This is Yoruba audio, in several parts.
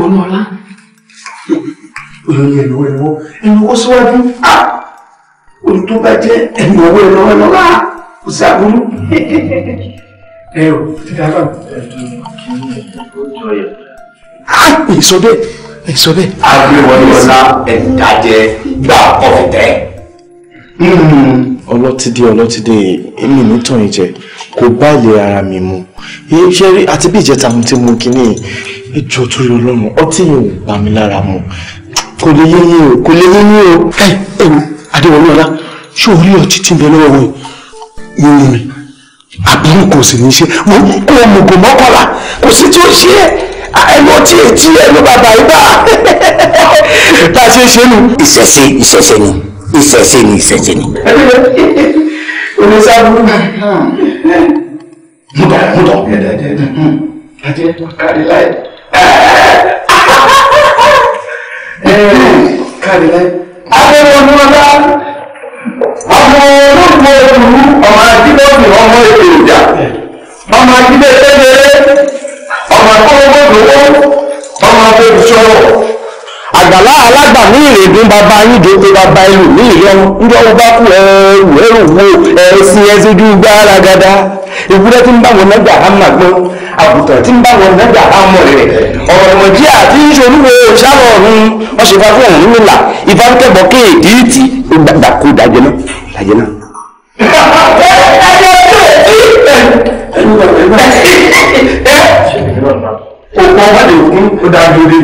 wọnú ọlá olórí ẹnu ẹnuwọ ẹnuwọ síwájú olú tó bá jẹ ẹnu ọwọ́ ẹnu ọwọ́ ẹnu ọlá kò sí àbúrú ẹ o ti ká bá mi. ìsọ bẹ́ẹ̀ ìsọ bẹ́ẹ̀. agbéwọlé ọlá ẹ̀dá jẹ gbà ọ̀fẹ́ tẹ́. Hmm. ọlọ́tìdé ọlọ́tìdé èmi ní tàn yín jẹ kò bá ilé ara mi mu ṣe rí àti bí ìjẹta mo ti mu kíní ìjọ tó yọ lọ́rùn ọtí yìí ò bá mi lára mu kò lè yé yín o kò lè yé yín o ẹ ẹ o adéwọlé ọlá ṣé orí ọtí ti bẹ lọ́wọ́ wọn yóò yún mi àbúrò kò sì ní ṣe mo kó mo kò mọ́kànlá kò sí tí ó ṣe é ẹnu ọtí ètí ẹnu bàbá ibà tá a ṣe ṣe nu. ìṣẹ̀ṣe ìṣẹ̀ṣe ni ìṣẹ̀ṣe ni ìṣẹ̀ṣe ni. ní sábúrú mútọ̀ mútọ̀ ẹ̀jẹ̀ kárí láì kárí láì. akẹ́kọ̀ọ́ ní wọn bá ọmọ olóògbé òru ọmọ ajínigbọ́sì ọmọ ètò ìjà ọmọ ajínigbẹ́sẹ̀ ọmọ akọ́wọ́gbọ́dọ̀ ọmọ akọ́wọ́sọ̀rọ̀ àgbàlá alágbà ní ìrèdùn bàbá yín dòkó bàbá ìlú ní ìlọrin ńlọrọ bá kú ẹrù ẹrù wo ẹsìn ẹsẹjú gbáragada ìwúrẹ́ tí ń bá wọn lọ́gbà hàmà gbọ́n àbùtàn tí ń bá wọn lọ́gbà hàmọ̀ rẹ̀ ọ̀rọ̀mọ̀jí àti ìṣolúwo òṣàlọ̀ ọ̀run wọ́n ṣe fa fún ọ̀run nílà ìbánkẹ́bọ̀ kéèdì tí ó gbàgbà kó dajẹ́ náà dajẹ́ náà. ẹ ẹ ẹ ẹ ẹ òkú ọba lè kún ó dáa lórí.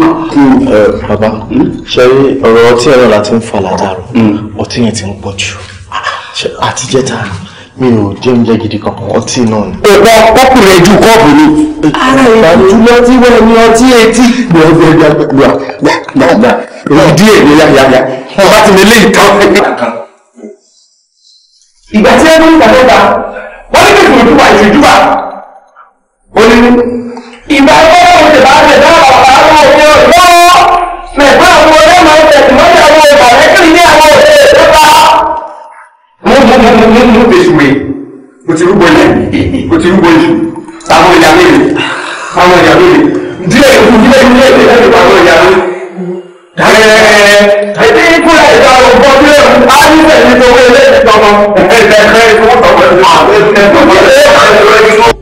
bàbá hmm? ṣe ọ̀rọ̀ ọtí ẹ̀rọ la ti ń fa làdàrú hmm. ọtí yẹn ti ń pọ̀ jù àti jẹ́ta mi ò jẹ́ oúnjẹ gidi kankan ọtí náà ni. ọ̀pọ̀ kọ́pù rẹ̀ ju kọ́ọ̀bù ni. ara ìlú lọ́tí wẹ̀ ni ọtí etí. ìdí èmi yáyáyá ọba ti lè lé ìtàn. ìgbà tí ẹni ń tàbí ta wọ́n ní kí ìdúbà ìdúbà ó ní ìgbà ọ̀dọ́ mẹ̀fà àwọn ọ̀rẹ́ máa ń tẹ̀sí mọ́tì àwọn ọ̀gá lẹ́kìrì ní àwọn ọ̀rẹ́ ìjọba. mo mo mo mo mo mo fèsì wèé mo ti rúgbó ilé mo ti rúgbó ilé àwọn ìyá mi rè àwọn ìyá mi rè díẹ̀ ìlú díẹ̀ ìlú díẹ̀ ìlú díẹ̀ àwọn ìyá mi. ẹ̀ẹ́dẹ́ ìkúrẹ́ ìjọba ọgbọ́n bí ó ń bá nífẹ̀ẹ́ nítorí ilé ìjọba ẹ̀ẹ́dẹ́gbẹ́ ìfowópamọ́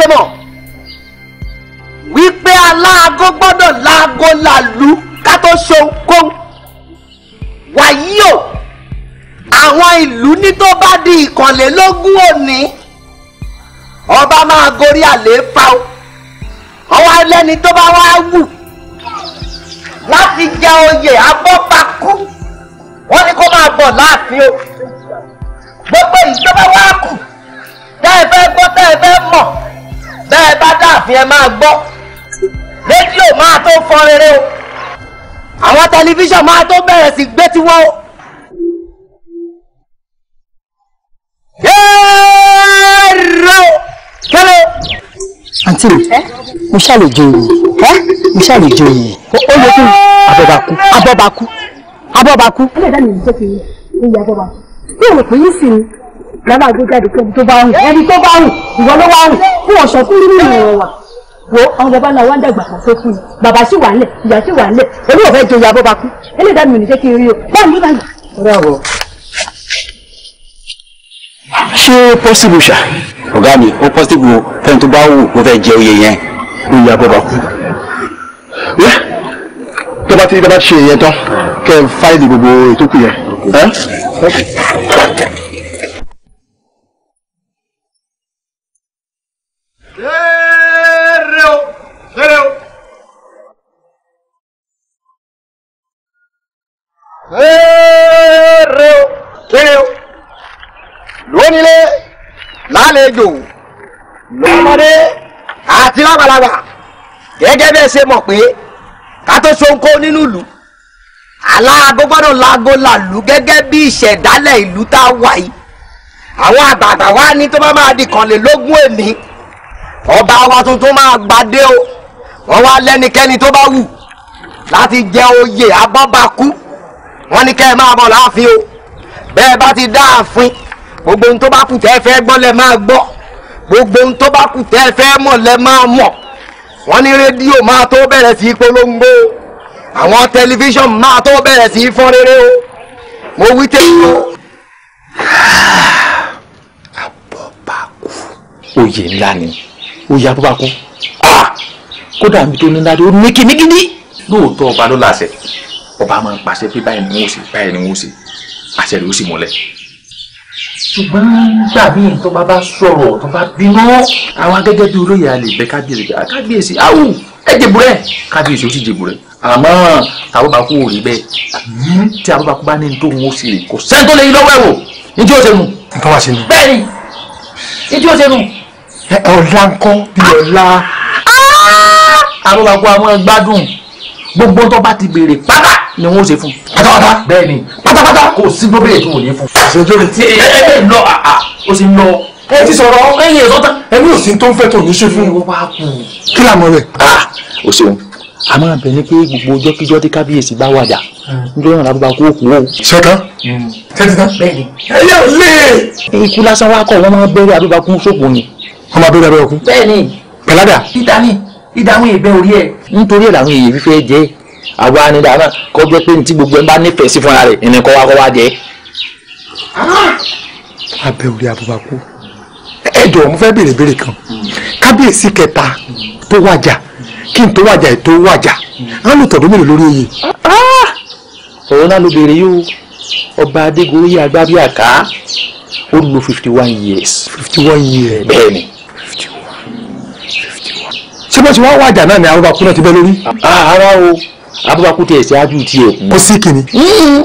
ṣe mọ̀ wípé aláàgó gbọ́dọ̀ láago làlú ká tó ṣe ohunkóhun wàyí o àwọn ìlú ní tó bá di ìkànlélógún òní ọba máa gorí àlééfà o ọwọ́ ẹlẹ́ni tó bá wá wù láti jẹ oyè abọ́pakú wọ́n ní kó máa bọ̀ láàfin o gbogbo ìjọba wá kù tẹ́ ẹ fẹ́ gbọ́ tẹ́ ẹ fẹ́ mọ̀ bẹ́ẹ̀ bá dáàfin ẹ máa gbọ́ rédíò máa tó fọ́n rere o àwọn tẹlifíṣàn máa tó bẹ̀rẹ̀ sí gbé tiwọ́ o. yéèrò kéré. àǹtí mo ṣàlejò yìí mo ṣàlejò yìí ó yẹ kí abọ́bakú abọ́bakú abọ́bakú. ọlọ́dà mi ò jẹ́ kí n yí abọ́bakú bí o rò pé yín sì ni lọ́ba gbé jáde pé tó bá rùn ẹni tó bá rùn ìwọ ló wá rùn fún ọ̀ṣọ́ fún rírì ìrìn wà wo àwọn baba náà wá dàgbà kan tó kú ni bàbá sì wà ń lẹ̀ ìyá sì wà ń lẹ̀ olú ò fẹ́ jẹ ìyá bọ́ba kú ẹlẹ́dàá mi ò ní jẹ́ kí n rí o báwo ni báyìí. ọ̀rẹ́ àbọ̀ ṣé pọ́sibù ṣá. ọ̀gá mi ó pọ́sibù fẹ́ni tó bá wù ló fẹ́ jẹ oyè yẹn ló bọ́ba kú. tó bá ti bá ṣe yẹn tán kẹ́ ẹ fáìlì gbogbo ètò kù yẹn. rere o kéré o lónílé lálejò lọ́mọdé àti lágbàlagbà gẹ́gẹ́ bẹ́ẹ̀ ṣe mọ̀ pé ká tó ṣoǹkó nínú ìlú aláàgó gbọ́dọ̀ laago làlú gẹ́gẹ́ bí ìṣẹ̀dálẹ̀ ìlú tá a wà yìí àwọn àgbààgbà wa ní tó bá máa di kànlélógún èmi ọba wa tuntun máa gbadé o wọ́n wá lẹ́nikẹ́ni tó bá wù láti jẹ oyè abọ́bakú wọ́n ní kẹ́ ẹ máa bọ̀ láàfin o bẹ́ẹ̀ bá ti dá àfin gbogbo ohun tó bá kù tẹ́ ẹ fẹ́ gbọ́ lẹ máa gbọ́ gbogbo ohun tó bá kù tẹ́ ẹ fẹ́ mọ̀ lẹ máa mọ̀ wọ́n ní rédíò máa tó bẹ̀rẹ̀ sí polongo àwọn tẹlifíṣàn máa tó bẹ̀rẹ̀ sí fọ́n rere o mo wí tẹ́lẹ̀ o. àbọ̀bàkú oyè ńlá ni oyè àbọ̀bàkú ah! kódà mi tó ní ńlá dé ó ní kìnnìkìnnì lóòótọ́ ọba ló ọba máa ń pàṣẹ pé báyìí ni wọn ò ṣe báyìí ni wọn ò ṣe àṣẹ rẹ ó sì mọ́lẹ̀. ṣùgbọ́n dàbí tó bá bá sọ̀rọ̀ tó bá bínú. àwa gẹ́gẹ́ bí olóyè a lè bẹ kábíyèsí bẹ kábíyèsí awù ẹ jẹ̀bù rẹ̀ kábíyèsí ó sì jẹ̀bù àmọ́ tàbá ò rí bẹ́ẹ̀ tí àbúrò bá ní tó ń ṣe kò sẹ́ni lè yí lọ́wọ́ ẹ̀ wò ní tí ó ṣe nù. nǹkan wá ṣe nù. bẹ́ẹ̀ ni ní tí ó ṣe nù. ọ̀la ńkọ́ bí ọ̀la. àbúrò ah! bá kú àwọn gbádùn gbogbo tó bá ti béèrè pátá ni wọn ò ṣe fún. pátápátá bẹ́ẹ̀ ni pátápátá kò sí gbọ́bẹ̀rẹ̀ tí wọn ò ní fún. àṣejò ti ẹ ẹ lọ àà ó sì lọ. ẹ ti sọ̀rọ̀ ẹ̀yin ẹ̀sọ́ tán. ẹni ò sí tó ń fẹ́ tó ní ṣe fún mi. kí làmọ rẹ. o ṣeun a máa bẹ̀ ni pé gbogbo ọjọ́kíjọ́ tí kábíyèsí bá wàjà hmm. nítorí náà lábúgbà kó kú o. ṣọtán hmm. tẹ́títán. bẹ́ẹ̀ni. ẹ yà lé. ikú lásán wa kọ wọn máa bẹ̀rẹ̀ abébakún sóko ni. àwa ni dàmà kó jẹ́ pé ntí gbogbo ẹ bá nífẹ̀ẹ́ sí fúnra rẹ̀ ẹni kọ́ wa kọ́ abẹ́ orí ẹ jọ̀wọ́ mo fẹ́ béèrè kan kábíyèsí kẹta tó wàjà kí n tó wàjà ẹ̀ tó wàjà á lò tọ̀dún mélòó lórí oyè. Ah! náà ló béèrè ọba agbábíàká ó lò fifty one years. fifty one years. bẹ́ẹ̀ni ṣé wá náà ni àwọn náà lórí. Ah, abúbakú tiẹ̀ ṣáájú tiẹ̀ kú. ó sì kìíní. Hmm.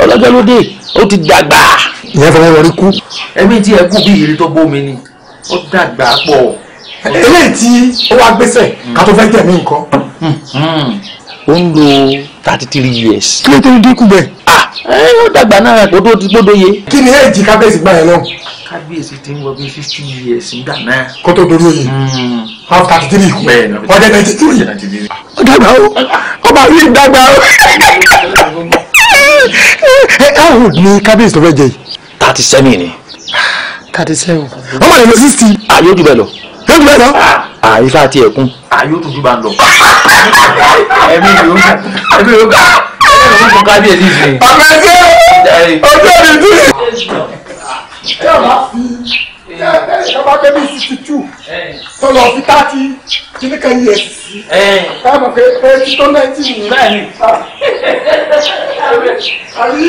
ọlọ́jọ́ ó ti dàgbà. ìyá fọwọ́ wọlé kú. ẹ̀mí tí ẹ kú bí ìrírí tó bómi ni ó dàgbà pọ̀. eléyìí tí ó wá gbèsè ká tó fẹ́ tẹ̀mí nǹkan. ó ń lo thirty three years. kí ló tó dínkù bẹ́ẹ̀. ẹ ó dàgbà náà kó ti gbódò yé. kí ni èjì kábíyèsí gbà yẹn náà. kábíyèsí ti ń wọ bí fifty years nígbà náà. kó dorí òye half thirty three ọdẹ ninety three dàgbà o ọba yìí dàgbà o ẹ ẹ old ni kábíyèsí tó fẹ́ jẹ yìí. thirty seven ni. thirty seven ọmọ rẹ lọ sixty. àyè ojú bẹ lọ. ojú bẹ lọ. àyè fà tiẹ̀ kún. àyè ojú ju bá ń lọ. ẹ̀mí yóò ẹ̀mí yóò gbà ẹ̀mí yóò kábíyèsí sí. ọ̀pẹ̀ ṣe ojú ẹ̀mí ìjọba pé bí sixty two tó lọ sí thirty kìíní kan yẹ sí táwọn pé eighty tó nineteen bẹ́ẹ̀ ni ah. àbí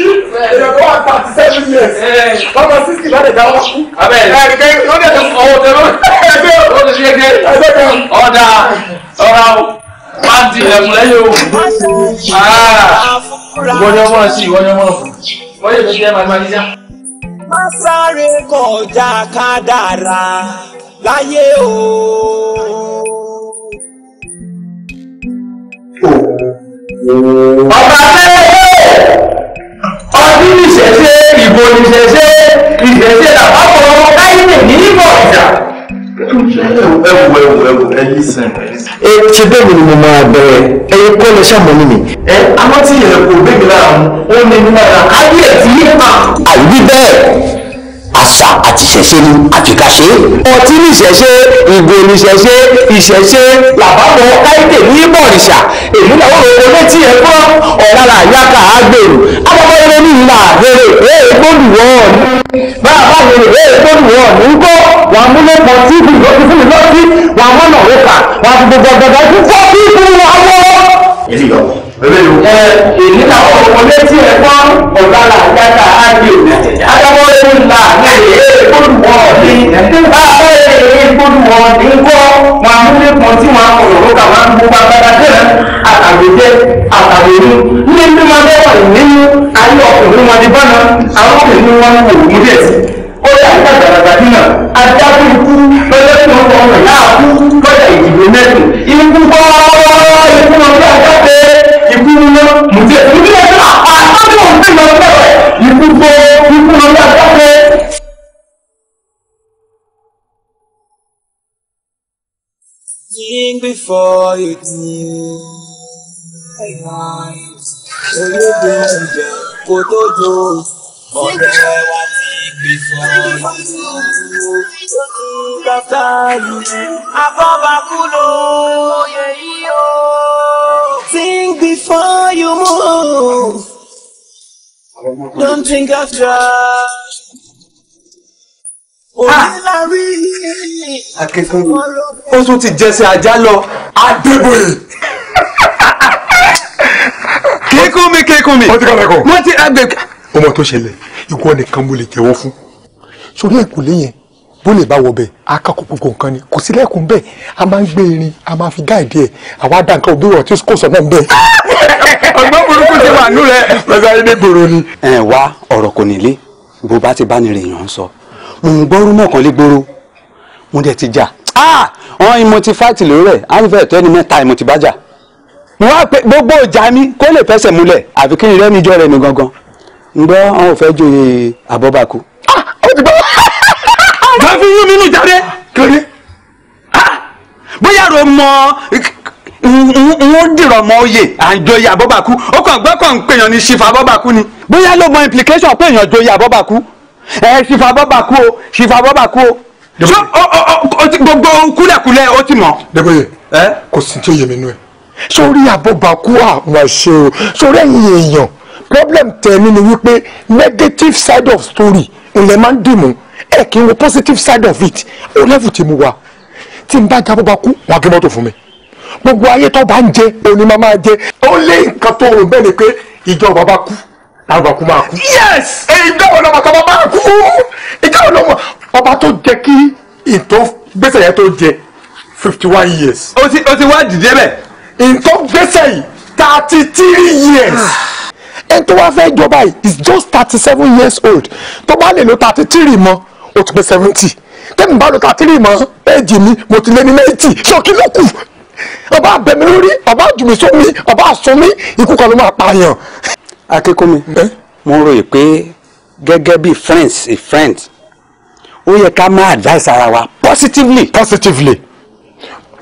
ìjọba wà thirty seven years lọ́dọ̀ sixty bá lè dá wá kú. abẹ́ẹ̀ ẹ̀ ẹ̀ ló dẹ̀ tó ọwọ́ tẹ ló ẹgbẹ́ ó ti ṣe é ọ̀dà ọ̀rà máa di ẹ̀mú lẹ́yìn o ah. ìwọ́nyọ́mọ́ sí ìwọ́nyọ́mọ́ fún wọ́n yóò fi ṣe é màdìmáyé sá má sáré kọjá kádàrá láyé o. ọba lẹ́yìn ọdún ìṣẹ̀ṣe ìbò ìṣẹ̀ṣe ìṣẹ̀ṣe làwọn ọmọ ọmọ báyìí nìyí ẹwù ẹwù ẹwù ẹyí sẹ́n. ẹ ṣe bẹ́ẹ̀ mi ni mo máa bẹ̀rẹ̀ ẹyin kọ́ lẹ ṣàmọ́ni mi. ẹ àwọn tí yẹn kò bẹ́ẹ̀ mi lára mu ó ní mi lára ayé ẹ̀ ti yí pa. bẹ́ẹ̀ àṣà àti ìṣẹ̀ṣe ni àfikáṣe. ọtí ní ìṣẹ̀ṣe ìgò ní ìṣẹ̀ṣe ìṣẹ̀ṣe làbámọ̀ káyọ̀dé ní bọ̀rìṣà èyí làwọn òwe létí ẹ̀ gbọ́ ọ̀la là yá ká àgbèrò àbábọ̀ eré ní ìlà rere èè gbódùwọ̀ ọ̀nù bá àbáwọ̀ rere èè gbódùwọ̀ ọ̀nù ń wà á múlẹ̀ pọ̀ tí ibi ìgbọ́sí fún mi lọ́sí wà á mọ̀nà òwe kà wà á fi gbogbo ọ̀gbẹ̀gbẹ̀ fún fọ́ sí ìpínlẹ̀ wa wọ́. èyí yọ bẹ́ẹ̀ ló. ẹ èyí làwọn ọmọ létí ẹ kọ́ ọ̀gá làjáta adáwọ̀ ewu ńlá ní èyí gbódùwọ̀ ní nípa èyí gbódùwọ̀ ní kọ́ wà múlẹ̀ pọ̀ tí wà mọ̀nà òwe wà gbogbo agbára àtàwéjẹ àtàwéru ní ẹni tó bẹ́ẹ̀ wà nínú ayé ọkùnrin wọn ní bọ́nà àwọn ọkùnrin wọn ní orí àgbàgbà náà adágún ikú lọ́jọ́ tí wọ́n fọwọ́ náà kú lọ́jà ìdìbò mẹ́sùn ikú bọ́ ikú wọn bí àjáde ikú nínú mùtẹ́ ikú bí wọ́n fà á òun tí wọ́n bẹ̀rẹ̀ ikú bọ́ ikú wọn bí àjáde. Sing before you do, I might. Olódùn jẹ kó tó jó, ọ̀rẹ́ wa ti. Think before you move. Don't think of ah! Onílárí. ó tún ti jẹsẹ̀ ajá lọ. Adébóyè. Kíkún mi kíkún mi. Mo ti kọ́ ẹ̀kọ́. Mo ti ẹgbẹ̀. Ọmọ tó ṣẹlẹ̀ ìwọ nìkan mo lè jẹ́wọ́ fún sórí ẹ̀kúlé yẹn bó lè bá wọ bẹ́ẹ̀ akẹ́kọ̀ọ́ gbogbo nǹkan ni kò sí lẹ́kùn bẹ́ẹ̀ a máa ń gbé irin a máa fi gáàdì ẹ̀ àwa dá nǹkan òbí rọ̀ tí kò sọ náà bẹ́ẹ̀. ọgbọ́n burúkú ti wà nú rẹ̀ lọ́sàn ilé gbòòrò ni. ẹ wá ọ̀rọ̀ kò nílé bó bá ti bá ní rè yàn sọ mò ń gbọ́rú mọ̀kàn lé gbòòrò mo dẹ̀ ti jà ah! wọn ìmọ̀ ti fáìtì lórí rẹ̀ á tó ẹni mẹ́ta ìmọ̀ ti bá jà mo wá pé gbogbo ìjà mi kó lè fẹsẹ̀ múlẹ̀ àfi kí ǹgbọ́ àwọn ò fẹ́ joyè àbọ́bàkú. Ah, bá fi yún mi nù jáde kéré ah, bóyá ro mọ wọ́n dìrọ̀ mọ́ oyè àjòyè àbọ́bàkú ó kàn gbọ́ kàn ń pèèyàn ní ṣìfà àbọ́bàkú ni. bóyá ló mọ implication pèèyàn joyè àbọ́bàkú ẹ ṣìfà àbọ́bàkú o ṣìfà àbọ́bàkú o. ṣé gbogbo kúlẹ̀kúlẹ̀ ó ti mọ̀. dẹ́gbẹ́yẹ kò sí tí ó yẹ mi nú ẹ. sórí àbọ́bàkú àwọn àṣẹ o sórí ẹ̀yìn èèyàn problem tẹ̀mí ni wípé negative side of story ìlẹ̀ máa ń dìmú ẹ̀ kí n wo positive side of it ó lẹ́fù tí mo wà tí n bá jábọ́ bá kú wọn á gbé mọ́tò fún mi gbogbo ayé tó bá ń jẹ òní máa máa jẹ ó lé nǹkan tó rùn bẹ́ẹ̀ ni pé ìjọba bá kú àgbà kú máa kú. yes ìjọ wọn lọmọ kan máa kú ìjọ wọn lọmọ ọba tó jẹ kí ìtọ́ gbèsè yẹn tó jẹ fifty one years. o ti o ti wá dìde bẹ́ẹ̀. ìtọ́ gbèsè yìí thirty three years. Ah ẹni tó wá fẹ́ jọba yìí is just thirty seven years old tó bá lè lo thirty three mọ́ o ti pé seventy tẹ́mi bá lo thirty three mọ́ èjì mi mo ti lé ní ninety ṣọ́kí ló kù ọba abẹ́mi lórí ọba àjùmí sómi ọba àsunmi ikú kan ló máa pààyàn. akínkúnmi mo ń ròyìn pé gẹ́gẹ́ bí friends is friends ó yẹ ká máa advice ara wa positively. positively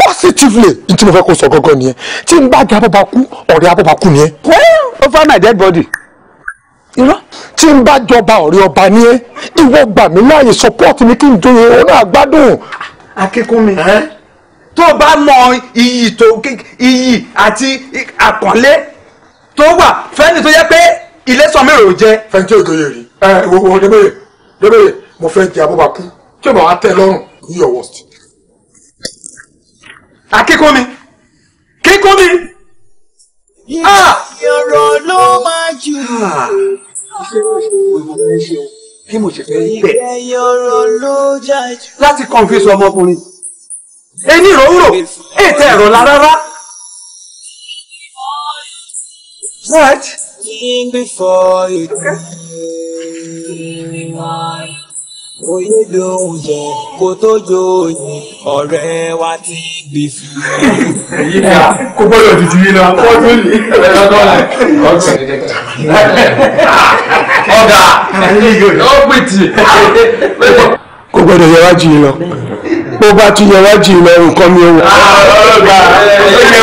positively n tí mo fẹ́ kó sọ gangan nìyẹn tí n bá jẹ́ abọ́bakú ọ̀rẹ́ abọ́bakú nìyẹn. over my dead body. irọ́. tí n bá jọba ọ̀rẹ́ ọba nìyẹn ìwọ gbà mí láàyè support mi kí n joyè ọ̀nà àgbádùn. akínkúnmi tó bá mọ iyì tó iyì àti àkànlé tó wà fẹ́ni tó yẹ pé ilé sọ mẹ́rin ò jẹ. fẹ́ntì ò joyè rí ẹ wo wo débèrè débèrè mo fẹ́ jẹ abọ́bakú tí o bá wa tẹ lọ́rùn you your worst akíkún mi kíkún mi. Ah! Ah! ìyọ̀rọ̀ ló máa jù. kí mo ṣe fẹ́ bẹ̀. ìyọ̀rọ̀ ló jà jù. láti confuse ọmọkùnrin ẹni ròórò ètò ẹ̀rọ la rárá. Right. King before you. Okay oyè lóúnjẹ kó tó jóyìn ọ̀rẹ́ wa ti gbè fi. èyí ni a kó bọ́lọ̀ tuntun yìí lọ wọ́n tún ní ẹ̀rọ dọ́là ọ̀gá ọ̀gá ọ̀gbìtì. kò gbọ́dọ̀ yẹ wájú yìí lọ bó bá tún yẹ wájú yìí lọ nǹkan mi ò wò. Ah, ọlọ́gbà ó yẹ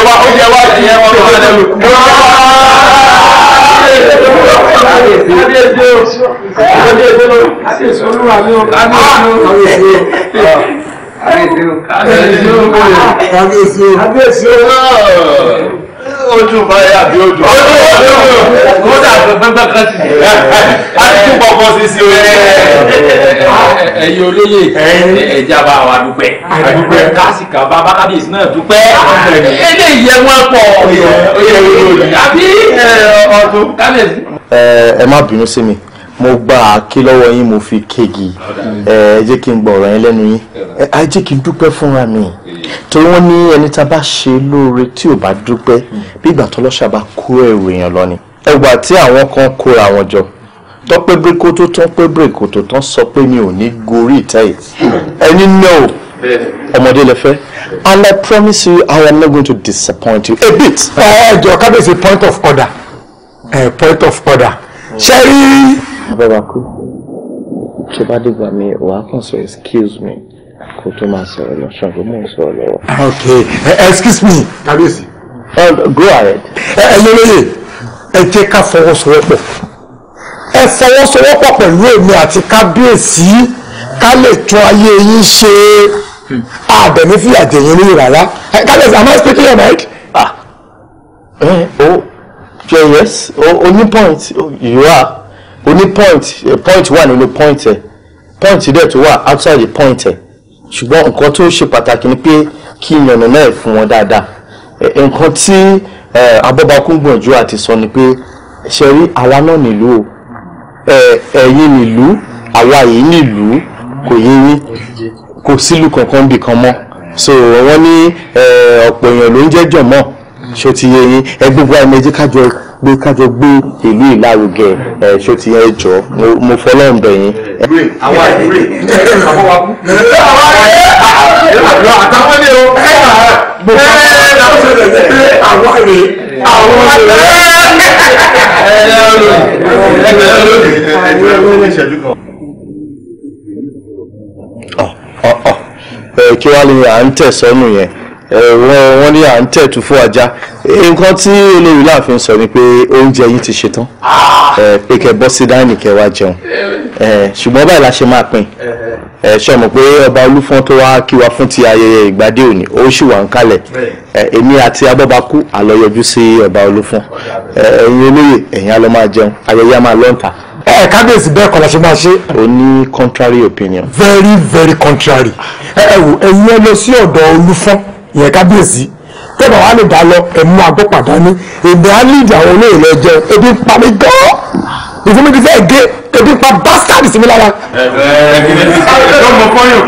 wájú yẹn wọ́n lọ́wọ́ lẹ́nu kábíyèsí o kábíyèsí o kábíyèsí olúwa mi o kábíyèsí o kábíyèsí o kábíyèsí o kábíyèsí o ojú báyìí àbí ojú. kódà pẹpẹ kan ti jẹ láti tún pọpọ sí sí orí. ẹ̀yin olóyè ẹjẹ bá wa dúpẹ́ dúpẹ́ kásìkà bàbá kábíyèsí náà dúpẹ́ eléyìí ẹ wọn pọ àbí ọdún kábíyèsí ẹ má bínú sí mi mo gba àkí lọ́wọ́ yín mo fi kéegi ẹ jẹ́ kí n gbọ́ ọ̀rọ̀ yín lẹ́nu yín ẹ jẹ́ kí n dúpẹ́ fúnra mi torí wọ́n ní ẹni tá a bá ṣe lóore tí ò bá dúpẹ́ bí ìgbà tọ́lọ́ṣà bá kó ẹrù èèyàn lọ ni ẹgbà tí àwọn kan kóra wọn jọ tọ́pẹ́ bíríkó tó tán pé bíríkó tó tán sọ pé mi ò ní gorí ìta yìí ẹni náà o ọmọdé lè fẹ́ and I promise you I am not going to disappoint you a bit. ẹ ẹ jọ kábíyèsí point of order. Eh, point of order ṣe rí. abẹ́wà kú tó bá dìgbà mi wàá kàn sọ excuse me kó tó máa sọ̀rọ̀ lọ ṣàgbọ́n mò ń sọ̀rọ̀ lọ́wọ́. ok eh, excuse me kábíyèsí. Oh, go ahead. Eh, ẹ ẹ lóye ẹ jẹ́ ká fọwọ́sowọ́pọ̀ ẹ fọwọ́sowọ́pọ̀ pẹ̀lú èmi àti kábíyèsí ká lè tún ayé yín ṣe àbẹ̀mí fìyà jẹ̀yìn olóyè rárá kábíyèsí am I speaking your mind. ah ẹ o oh, yeah, yes o ní point you are o ní point e, point wà nínú point ẹ point dẹ̀ tó wà outside the point ẹ ṣùgbọ́n nǹkan tó ṣe pàtàkì ni pé kí ìyànnà náà fún wọn dáadáa e, nǹkan tí e, abọ́bakún gbọ̀njú àti sọ ni pé ṣe rí àwa náà nílùú o ẹ̀yin nílùú àwa yìí nílùú kò yé yín kò sílùú kankan bì mọ́ so wọ́n ní ọ̀pọ̀ èèyàn ló ń jẹ́ jọ̀mọ́ ṣó ti yẹ yín ẹgbẹ́ gbogbo àìmọ̀ ẹjẹ́ kájọ gbé kájọ gbé ìlú ìlárugẹ ẹ ṣó ti yẹ jọ mo fọlọ́ ń bẹ̀ yín. àwọn àìbúrè ẹgbẹ́ ìpamọ́ wa kú. àtàwọn ni o gbogbo àwọn ṣẹlẹ̀ ṣẹlẹ̀ àwọn rè àwọn ṣẹlẹ̀ ẹgbẹ́ lónìí ẹgbẹ́ lónìí ẹgbẹ́ lónìí ìṣẹ́jú kan. kí wàá ní à ń tẹ̀sọ́nù yẹn wọ́n wọ́n ní à ń tẹ̀tù fún ajá nǹkan tí olórí láàfin sọ ni pé oúnjẹ yìí ti ṣetán pé kẹ́ bọ́ sí dáìnì kẹ́ wá jẹun ṣùgbọ́n báyìí la ṣe máa pín ṣe mọ̀ pé ọba olúfọ́n tó wá kí wa fún ti ayẹyẹ ìgbádé òní ó sì wà ń kalẹ̀ èmi àti abọ́bakú àlọ́yọjú sí ọba olúfọ́n ẹ̀yin olóyè ẹ̀yin á lọ máa jẹun ayẹyẹ á máa lọ́ǹtà. ẹ kábíyèsí bẹ́ẹ̀ kọ́ la ṣe máa ṣe. o ní contrary opinion. very very contrary ẹ wò ẹ̀yin ẹ lọ sí ọ̀dọ̀ olúfọ́n ìyẹn kábíyèsí tẹ́bà wà lè dá lọ ẹ̀mú agbọ́pàdánù èdè á lè dà àwọn olóòlù ẹ̀jẹ̀ ebi ń pa mí gan-an ìfúnmi ti fẹ́ gé ebi pa bastard sí mi lára. ẹ ẹ lọmọ kọyọ.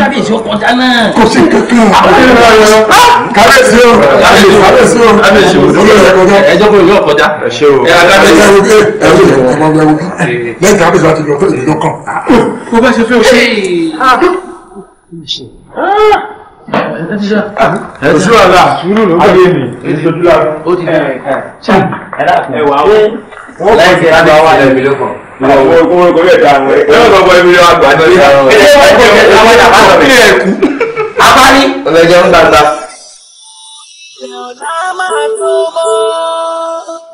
kábíyèsí ọkọ dáná. kò sí kankan. kábíyèsí o kábíyèsí o kábíyèsí o ẹjọ́ kò yọ ọkọjá. ẹ ṣe o ẹ kábíyèsí o ẹ ṣe o ọmọ ọmọ ẹwù lẹ́yìn kábíyèsí wa ti lọ fún ìdílé kan. mo bá ṣe fẹ́ o ṣe òṣù ọ̀la ayé mi ìdójúlá ó ti dé ẹwà ó láì sí àgbà wà lẹ́mi lókàn. Ìwọ̀n ọmọ ọmọ ọmọ ẹ̀dá àwọn ẹ̀kọ́ ọmọ ẹ̀mí lọ́wọ́ àgbà náà. Ilé ìwọ̀n ọmọ ẹ̀dá àwọn ẹ̀dá àwọn ẹ̀kú. Abárí. Ọlọ́jọ́ ń gbàgbà. Ìyọ̀dá máa tó mọ́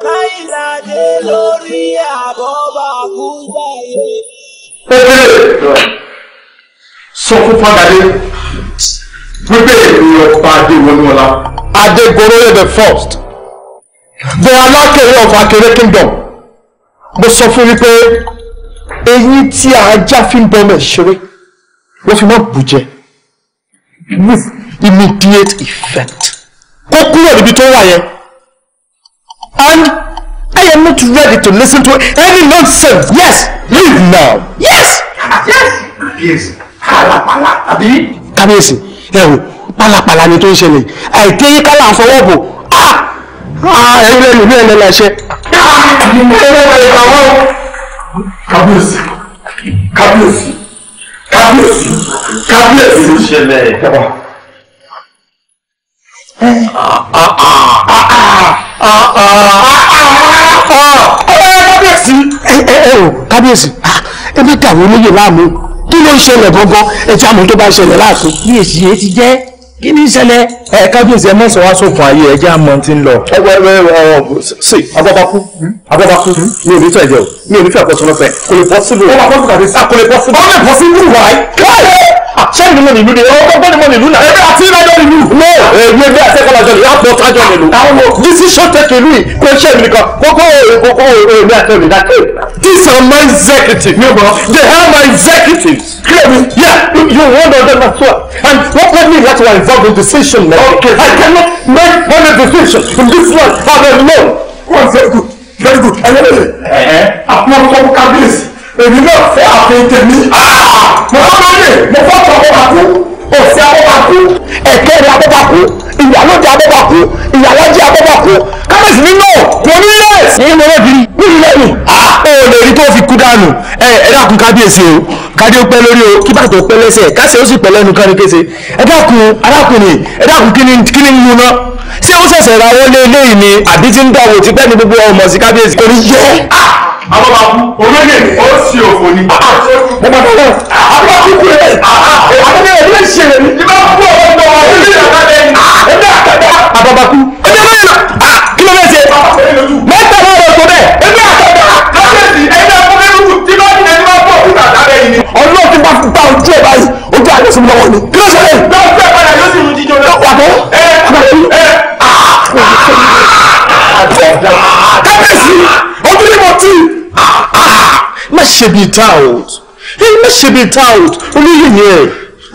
láìláde lórí àbọ̀bà kúgbà yẹn. Sọ fún Fọ́dàdé wípé èmi ọba adéwọlúọlá. adégorólé the first the alákèrè of Akere kingdom mo sọ fún wípé eyín tí ajá fi ń bọmọ ìṣeré wọ́n fi máa with immediate effect kó kúrò níbi tó wà yẹn and I am not ready to listen to any nonsense yes leave now yes ah, yes yes kálápàlà àbí. kábíyèsí ẹ pálapàla ni tó ń ṣẹlẹ̀ àìtí yíká là ń fọwọ́ bò ẹ̀yin lẹ́nu ní ẹ̀lẹ́ làṣẹ. kábíyèsí kábíyèsí kábíyèsí kábíyèsí ṣẹlẹ̀ ìjọba. kábíyèsí ẹ ẹ ẹ o kábíyèsí ah, ẹ má dàrú olóyè láàmú kí ló ń ṣẹlẹ̀ gangan ẹ jẹ́ àmọ́ tó bá ṣẹlẹ̀ láàfin. bí èsì yẹn ti jẹ́ kí ni ìṣẹ̀lẹ̀. ẹ kábíyèsí ẹ mọ̀sán wá sókun ayé ẹ jẹ́ àmọ́ tí ń lọ. ẹ wẹ wẹ ọ ṣe agbábákú hmm? agbábákú hmm? mi ò ní jẹ o mi ò ní fẹ́ kò lè possible. ó wà possible sá kò lè possible. ó lè wáyé ṣé ìlú mo nílùú ni ọwọ́ gbọ́gbọ́ ni mo nílùú náà. èmi àti ìlàjọ nílùú. no èmi èmi àti ẹ̀kọ́ làjọ nílùú àpò tájọ nílùú. àwọn decision take ìlú yìí kò ṣe èmi nìkan kókó kókó èmi àti èmi dá. these are my executives. yóò bọ̀ they are my executives. clear me yeah you, you won on them as well and what made me láti to involve in decision now. okay I cannot make one decision in this one I'm alone. one very good very good. ẹ̀yẹ́ àpò ọkọ̀ kábíyèsí èmi náà fẹ́ àfin tèmi mo fọ́ lóye mo fọ́ tọ́ abọ́bakú òsì abọ́bakú ẹ̀kẹ́rẹ́ abọ́bakú ìyálóde abọ́bakú ìyálájẹ abọ́bakú kábíyèsí nínú kò ní lẹ́s. ní mo lè fi ní ilé mi. ó lè rí tó fi kú dànù ẹ ẹ dákun kábíyèsí o kádé ó pẹ́ lórí o kí bàtà ó pẹ́ lẹ́sẹ̀ kásẹ̀ ó sì pẹ́ lẹ́nu kárí kése ẹ dákun arákùnrin ẹ dákun kí ni kí ni mu náà ṣé ó ṣẹ̀ṣẹ̀ ra owó lé eléyìí ni àbí ti ń dàwọ̀ tipẹ́ ni gbogbo ọmọ sí kábíyèsí kò ní yẹ abọ́bakú olóyè ó sì òfò ah, ni. mo máa bọ̀ abọ́bakú kú ẹ̀ àbẹ̀bẹ̀ ẹ̀ lè ṣe èmi. ìbá kú ọ̀rọ̀ gbọ̀ wá ní ìlú àkàdé ni. ẹgbẹ́ àkàdá abọ́bakú ẹgbẹ́ lóyè náà kí ló fẹ́ ṣe. mẹ́ta máa rọ̀ tó bẹ́ẹ̀ ẹgbẹ́ àkàdá. kábíyèsí ẹgbẹ́ akọ́mẹ́rù tí bá ní ẹni máa bọ̀ fún bàtà bẹ́ẹ̀ ni. ọlọ́run ti bá gba ojú ẹ̀ báyìí ojú àlẹ́ sí mi lọ́wọ́ ni kí ló ṣe lẹ́yìn. gbọ́dọ̀ padà yóò sì mú jíjọ lọ. wà ọdún ní mo ti má ṣe bíi tout ẹ má ṣe bíi tout olóyè ni ẹ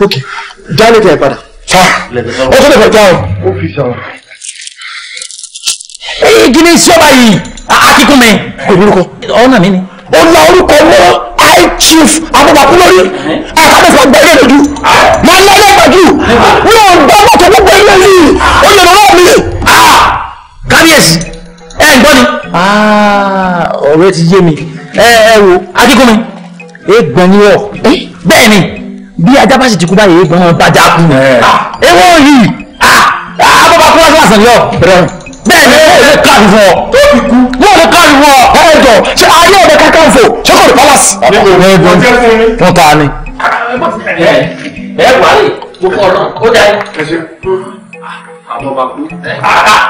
ok dání tẹ ẹ padà ó tó lè fẹ́ já o. ẹ gíní sọ́ba yìí akíkún mi kò lórúkọ ọ̀nà mi ni. ó la orúkọ mọ́ high chief abubakar lórí àkàtúntà gbọ́ ilé lójú máa ń lọ́lẹ́ gbàdú mi ò gbọ́ mọ́tò gbogbo ilé yìí ó yẹ lọ́wọ́ mi. kábíyèsí ń gbọ́ ni. Ah, ọ̀rẹ́ ti yé mi ẹ ẹ wo akíkúnmi èègbọ́n ni ọ̀ bẹ́ẹ̀ ni bí ajá bá sì ti kú báyìí èègbọ́n wọn bá já kú. ewo yìí abọ́bá kúrò sí àṣà yọ bẹ́ẹ̀ ni ó lè káàdì fún ọ tó fi kú wọ́n lè káàdì fún ọ ẹ̀ jọ ṣé ayé ọ̀dẹ kankan fò ṣé kò lè palace. wọ́n ta ni. ẹ ẹ wà á lè kó fọ́ ọ náà ó dá ẹ. Ah, àbọ̀bá kú. Ah,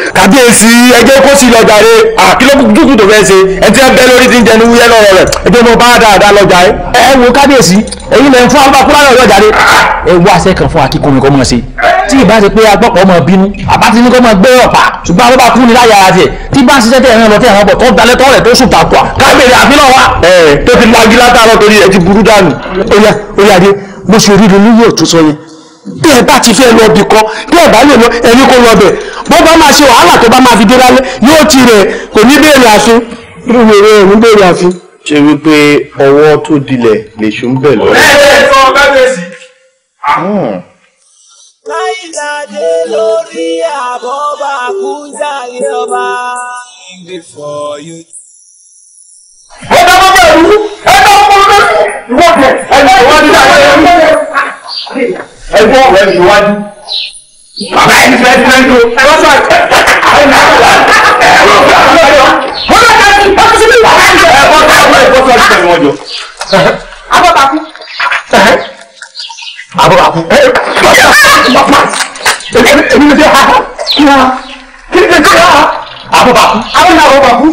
kàbíyèsí ẹjẹ́ kó sí lọ́jà rẹ àkìlọ́kù dúkù tó fẹ́ ṣe ẹtí ẹ bẹ́ lórí ti ń jẹnu wúyẹ́ lọ́rọ̀ rẹ̀ ẹjẹ́ mo bá dáadáa lọ́jà rẹ. ẹ wo kábíyèsí èyí lè fún apá kúránà lọ́jà rẹ. ẹ wá aṣẹ kan fún akíkọmi kọ́ mọ̀ ṣe tí ì bá ṣe pé agbọ́pọ̀ ọmọ bínú àbá ti ní kọ́ mọ̀ gbé ọ̀pá ṣùgbọ́n àwọn bá kú ní láyà tiẹ̀ tí bá ń ṣiṣẹ́ tẹ̀ ẹ̀rán lọ bọ̀ tó dalẹ̀ tọ́ rẹ̀ tó sùn tàkùà kábíyèsí àfihàn wa. ẹ tó ti lagi látàárọ̀ torí ẹ ti burú dànù. ó yà ó yà dé bó ṣe rí lulú yóò tún sọ yẹn bí ẹ bá ti fẹ́ lọ bì kan bí ẹ bá lè lọ ẹni kó lọ bẹ̀ bó bá máa ṣe wàhálà tó bá máa fi dé lálẹ́ yóò ti rẹ̀ kò ní béèrè àfin irú wèrè ẹ̀ ní béèrè àfin. ṣé wípé ọwọ́ tó dilẹ̀ lèṣù ń bẹ̀ lọ́wọ́. ẹ ẹ sọ kábíyèsí. Hmm. láìdáde lórí àbọ̀ bá kú jáde ọba ìgbè fọ yóò. ẹ dábọ́ bẹ̀rù ẹ dábọ́ bẹ̀rù ìwọ́pẹ̀ ẹ dábọ́ bẹ̀rù ẹgbẹ́ ọ̀rẹ́ mi wájú bàbá ẹni fẹ́ fẹ́ lo ẹ̀rọ sọ àwọn ọ̀rẹ́ ẹ̀rọ fẹ́ àwọn ọ̀rẹ́ wọn bá tàbí wọn ti bí bàbá ẹni fẹ́ ẹ̀kọ́ tó àwọn ẹ̀kọ́ tó àti ẹ̀wọ̀n jọ. abọ́bakú. abọ́bakú. èmi ni fi ha kí ha kí ni fi ha abọ́bakú. àwọn ni abọ́bakú.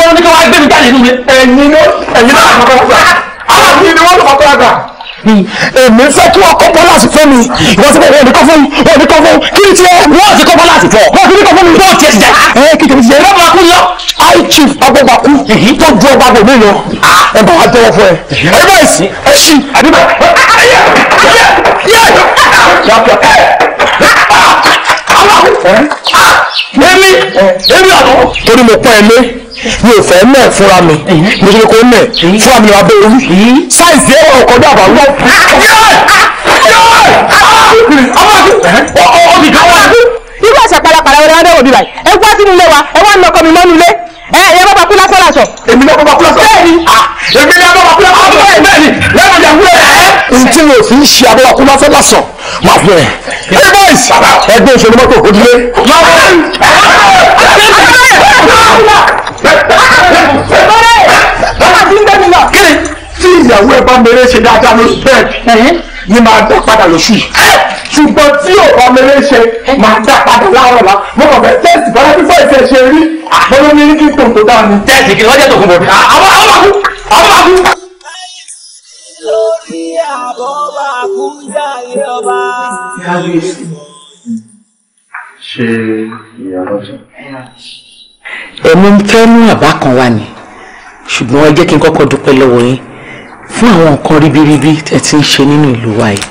ìwọ ni kí wọ́n á gbé mi jáde nínú mi. ẹ̀yin ló ẹ̀yin ló àwọn àti ìdíwọ́ ló kọ́kọ́ gbà èmi fẹ́ kí wọ́n kọ́ bọ́lá sí fún mi ìwọ sí pé wọ́n mi kọ́ fún wọ́n mi kọ́ fún kí ni tiẹ̀ wọ́n ti kọ́ bọ́lá sí fún wọ́n ti ní kọ́ fún mi wọ́n ti jẹ́ ẹ kí tèmi ti jẹ́ lọ́mọ akú lọ. I chief agbẹ́gbàkú tó ju ọba bòmí lọ ẹ bá wa tọwọ́ fún ẹ ẹ bẹ́ẹ̀ sí ẹ ṣí àdìbò. èmi èmi àná torí mo pọ́n ẹ lé mi ò fẹ́ mẹ́ fúnra mi mo ṣe kó mẹ́ fúnra mi lábẹ́ orí sáìsì ẹ̀rọ ọkọ̀ dàbà wọ́. irú àṣà parapara wọn ni wọn dẹ́wọ̀ bí báyìí ẹ gbá sínú ilé wa ẹ wá ń lọkọ mi mọ́nu ilé ẹ ẹ bá bá kú lásán làṣọ. èmi náà bá bá kú lásán. bẹ́ẹ̀ni èmi náà bá bá kú lásán. bẹ́ẹ̀ni bẹ́ẹ̀ni lẹ́nu ìyàwó ẹ̀. ntí mi ò fi ń ṣe abẹ́wà kú lásán làṣọ máa fún ẹ. ẹ bẹ́ẹ̀ ẹgbẹ́ ìṣòro mọ́tò òdìlé. máa fún ẹ. ìyàwó ẹ bá mèrè ṣe dáadáa lóṣù bẹ́ẹ̀ ni máa dá padà lóṣù yìí ṣùgbọ́n tí ò bá mèrè ṣe máa dá padà láàárọ̀ la mo kàn fẹ́ tẹ́sì bọ́lá bí fọ́ ìṣe ṣe rí bọ́lá mi ní kí n dáa ni. tẹ́sì kí wọ́n jẹ́ tó bọ̀ àwọn àwọn àkú àwọn àkú. lórí àbọ̀ bá kú jáde ẹ̀mí ń fẹ́ mú àbá kan wá ni ṣùgbọ́n ẹ jẹ́ kí n kọ́kọ́ dúpẹ́ lọ́wọ́ yín fún àwọn nǹkan ribiribi tẹ́ ti ń ṣe nínú ìlú wa yìí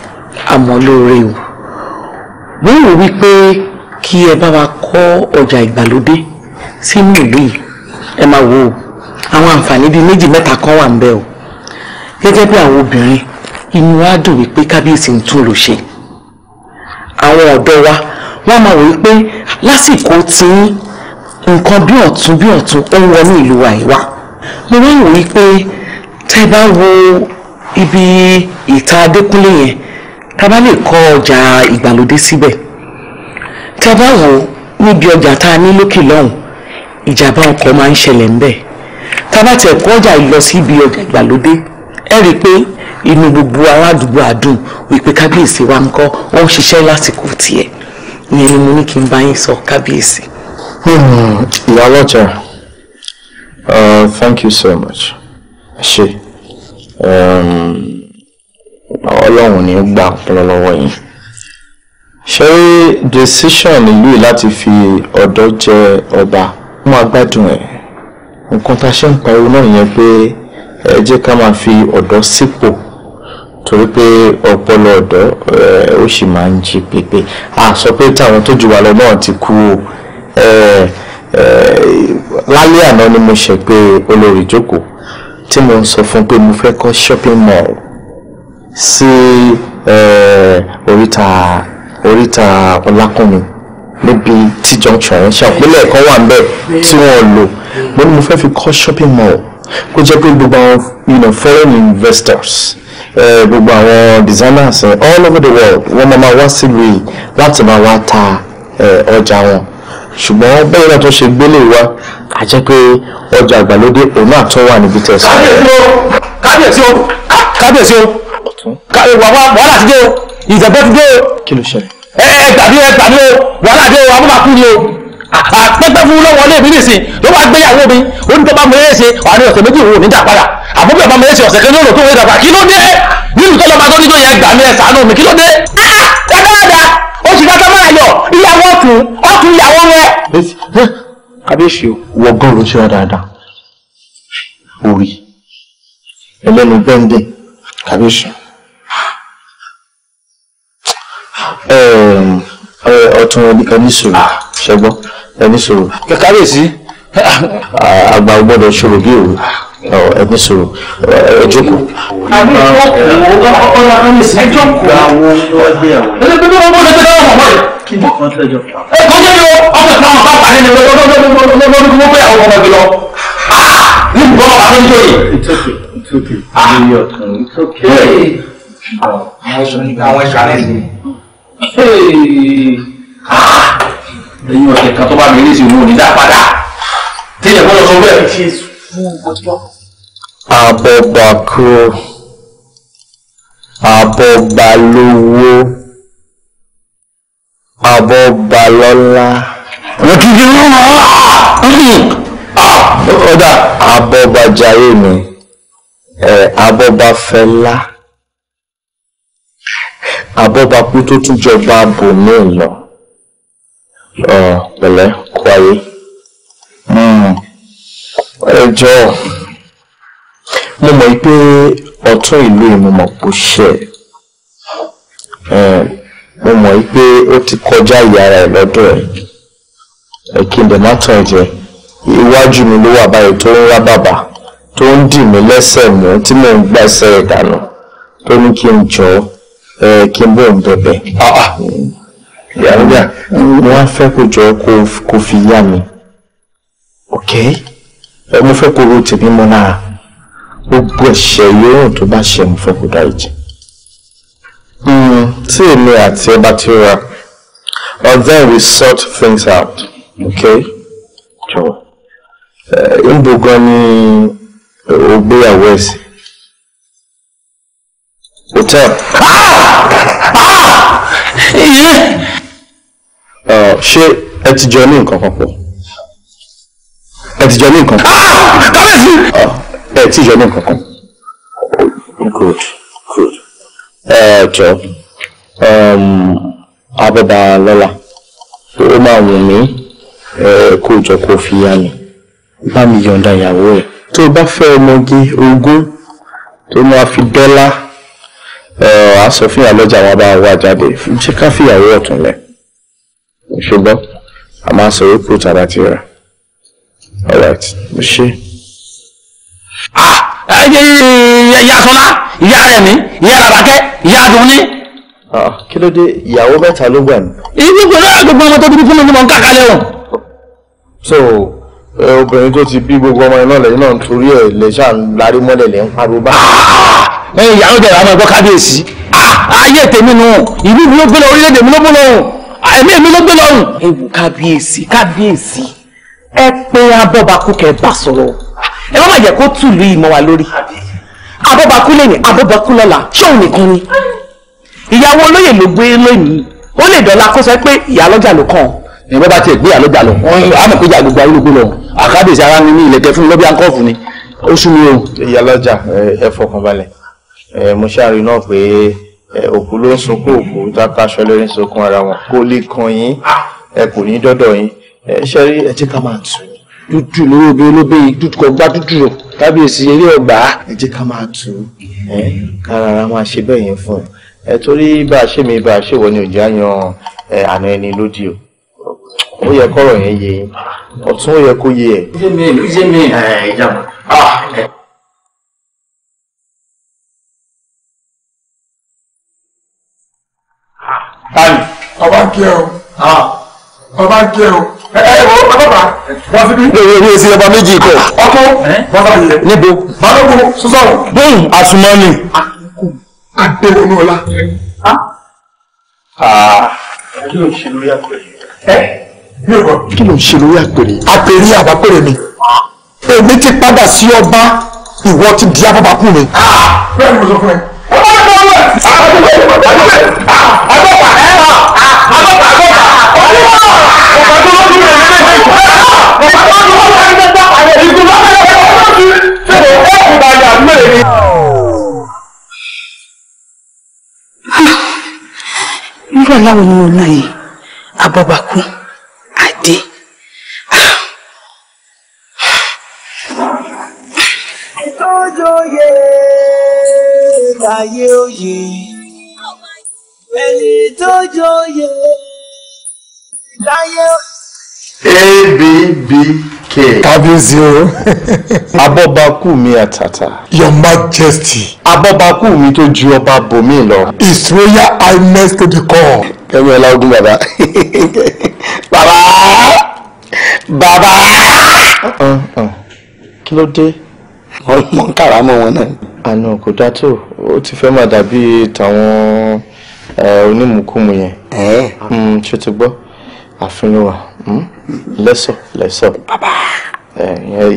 àmọ́ lóore o wọ́n rò wípé kí ẹ bá wa kọ́ ọjà ìgbàlódé sínú ìlú yìí ẹ máa wo àwọn àǹfààní bíi méjì mẹ́ta kan wà ń bẹ o gẹ́gẹ́ bí àwọn obìnrin inú wa dùn wípé kábíyèsí ń tún lò ṣe àwọn ọ̀dọ́ wa wọ́n máa wò wípé lásìkò tí nǹkan bí ọ̀tún bí ọ̀tún ó ń wọnú ìlú wa yìí wá mo wá wípé tẹ́ bá wo ibi ìta Adékúnlé yẹn tá a bá lè kọ́ ọjà ìgbàlódé síbẹ̀ tá a bá wò níbi ọjà tá a ní lókè lọ́hùn ìjàmbá ọkọ̀ máa ń ṣẹlẹ̀ ńbẹ̀ tá a bá tẹ̀ kọ́ ọjà lọ síbi ọjà ìgbàlódé ẹ rí i pé inú gbogbo aládùúgbò àdùn wípé kábíyèsí wa ń kọ́ ó ń ṣiṣẹ́ lásìkò tiẹ̀ ìyẹn ni mo ní kí n bá yín sọ kábíyèsí. ìyá hmm, ọlọ́jà uh, thank you so much ṣe um, ọlọ́run ní gbà ọpọlọ lọ́wọ́ yín ṣé decision ìlú yìí láti fi ọ̀dọ́ jẹ ọba máa gbádùn ẹ̀ nǹkan tá a ṣe ń pariwo náà yẹn pé ẹ jẹ́ ká máa fi ọ̀dọ́ sípò torí pé ọpọlọ ọ̀dọ́ ó sì máa ń jí pépé a sọ pé táwọn tó jù wá lọ náà ti kú o lálẹ́ àná ni mo ṣe pé olórí jókòó tí mo ń sọ fún pé mo fẹ́ kọ́ shopping mall sí eh, oríta oríta ọlákùnrin níbi tí junction ń ṣàpínlẹ̀ kan wà níbẹ̀ tí wọ́n lò mo ní mo fẹ́ fi kọ́ shopping mall kó jẹ́ pé gbogbo àwọn foreign investors eh, gbogbo àwọn designers eh, all over the world wọ́n máa wá sílùú yìí láti máa wá ta ọjà wọn ṣùgbọ́n bẹ́ẹ̀ náà tó ṣe gbélé wa a jẹ́ pé ọjà àgbàlódé òun náà tún wà níbi tẹ̀sán. kábíyèsí o kábíyèsí o kábíyèsí o eh, wàhálà ti dé o ìjàgbọ́ ti dé o. kí ló ṣẹlẹ̀. ẹ ẹ tàbí ẹ tàbí o wàhálà dé o amúnakú ni o àpẹpẹ fún lọ́wọ́ ilé mi nìsín ló wá gbéyàwó mi ó ní tó bá mi lé ṣe àárín ọ̀sẹ̀ méjì òun ò ní dà padà àbúkù ẹ̀ bá mi lé ṣe ọ̀sẹ̀ kan ní òòrùn tó ń dàgbà kí ló dé nílùú tó lọ́ba tó níjọ́ yẹn gbà mí ẹ̀ ṣàánú mi kí ló dé. dáadáa ó sì dákẹ́ máa yọ ìyàwó ọ̀tún kábíyèsí o. wọ gan ló ṣe wá dáadáa orí ẹlẹ́nu bẹ́ńdẹ̀ kábíyèsí. ọtún ẹni sòrò ṣẹgbọ́n ẹni sòrò. Ah, kábíyèsí. Ah, àgbà gbọ́dọ̀ ṣòro bí òwe ọ oh, ẹ ní sọ̀rọ̀ ẹ jókòó. àbí ah! kan tó bá mi rí sí òun ò ní dá padà. tí ìyẹn lọ sọ bẹ́ẹ̀ abọ́gbàkú abọ́gbàlówó abọ́gbàlọ́lá. òtítí ló wà á. Ah! ọ̀dà abọ́gbàjayé mi abọ́gbàfẹ́lá abọ́gbàkú tó tún jọba bòmí lọ pẹ̀lẹ́ kó ayé. Hmm. ẹ jọ̀ọ́. pé ọ̀tún ìlú yìí mo mo mọ̀ pé ó ti kọjá ìyára ẹ̀ lọ́dọ̀ ẹ̀ kí n dẹ̀ má tàn iwájú mi ló wà báyìí tó ń rá bàbà tó ń dì mí lẹ́sẹ̀ mú tí mò ń gbà ẹsẹ̀ rẹ̀ dànù tó ní kí n jọ ẹ kí n fi yá mi ok mo fẹ́ kó ro tèmi gbogbo ẹ̀ṣẹ̀ yòówùn tó bá ṣe mo fẹ́ kó dáríjì tí èmi àti ẹ bá ti rà or then we sort things out okay jọ̀wọ́ ńbo eh, gan ni o gbéyàwó ẹ sí hotel. Ah! Ah! Eh, ṣé ẹ ti jọ ní nǹkan kan pọ̀ ẹ ti jọ ní nǹkan kan. kábíyèsí é, tí yọ ní kankan. good good. ẹ jọ um, abọ́ba lọ́la ó máa wù mí kó jọ kó fi yá mi bá mi yọ̀ǹda ìyàwó ẹ̀. tó o bá fẹ́ ọmọge ogún tó máa fi dọ́là a sọ fún ìyàlọ́jà wa bá wà jáde jẹ́ ká fìyàwó ọ̀tún lẹ̀ ṣùgbọ́n a máa sọ wípé tàbá ti rà all right ṣe. Sure. Ah, ìyá sọlá ìyá rẹmi ìyá rabakẹ ìyá dunni. Ah, kí ló dé ìyàwó mẹ́ta ló gbà mí. ibi kò náà gbogbo ọmọ tó bí fún mi ni mò ń kàkálẹ̀ o. so obìnrin tó ti bí gbogbo ọmọ iná lẹ́yìn náà nítorí ẹ̀ lè ṣáà ń larí mọ́lẹ̀ lẹ́ ń pariwo bá. Ah, ìyàwó jẹ̀rọ àwọn ẹ̀gbọ́n kábíyèsí ayé tèmi nù ìlú mi ló gbé lọ orílẹ̀-èdè mi ló gbé lọ́rùn ẹ̀mí mi ló gbé lọ́rùn. ewu kábíyèsí kábíyèsí ẹ pé abọ́bakú kẹ bá sọ̀rọ̀ ẹ má má jẹ́ kó tùlú ìmọ̀ wa lórí abọ́bakú lèmi abọ́bakú lọ́la ṣóun nìkan ni ìyàwó olóyè ló gbé lónìí ó lè dọ̀la kó sọ pé ìyálọ́jà ló kàn ẹ̀ bọ́ bá tiẹ̀ gbé ìyálọ́jà lọ àmọ̀ pé ìyàgbọ́gbọ́ ayélujú lọ àkádèsí ara mi ní ìlẹ̀kẹ́ fún mi lọ́bí ni ó sú mi o. ìyálọ́jà ẹ fọkàn balẹ̀ mo ṣàrí náà pé òkú ló ń sunkún òkú táta aṣọ lórí sunkún ara wọn kó lè kan yín ẹ kò ní dọ́dọ̀ yín ṣẹ́rí ẹ ti ká máa tù tútù lórí obìnrin olóbìnrin tútù kọ gbá tútù rò kábíyèsí eré ọgbà. ẹ jẹ́ ká máa tù ú ẹ kárara máa ṣe bẹ́ẹ̀ yẹn fún ẹ torí bá a ṣe mi bá a ṣe wọ ni òjì á yan àna ẹni lódì o ó yẹ kọ́rọ̀ yẹn yé yín ọ̀tún ó yẹ kó yé ẹ̀. ṣé mi ṣé mi ìjàmbá. tani. ọba kí ẹ o ọba ah. kí ẹ o ẹ ẹ wo bàbá èrè sí ọba méjì kọ. ọkọ níbo. balógun sọsọrọ. bẹ́ẹ̀ àsùnmọ́ni. adéwọnú ọlá. kí ló ń ṣe lórí àpèrè. kí ló ń ṣe lórí àpèrè. àpèrè àbápèrè mi. èmi ti padà sí ọba ìwọ ti di abọ́bakú mi. bẹ́ẹ̀ ni mo sọ fún ẹ. ọba mi kọ́ ọ́ ẹ̀ àbọ̀pà ẹ̀ àbọ̀pà àbọ̀pà ọ̀pọ̀ tó lọ́ọ́ bí mi ẹ̀ ẹ̀ ẹ̀ ẹ̀ irú aláwọ̀ ni mo náà yìí abọ́bakú àdé. ìtọ́jọ́yé láyé òye ẹni tó jọyè láyé òye abbk. kábíyèsí o. abọ́bakú mi àtàtà. your majesty. abọ́bakú mi tó ju ọba bòmí lọ. his royal highness to the call. kẹ́mi ọlá ogun bàbá. bàbá bàbá. Uh-uh. kí ló dé. wọ́n mọ kàrámọ́ wọn náà. àná kò dá tó ó ti fẹ́ máa dàbí tàwọn eh, onímùkúmu yẹn. Hmm, ṣé o ti gbọ́ àfin ló wà lẹ́sọ̀ lẹ́sọ̀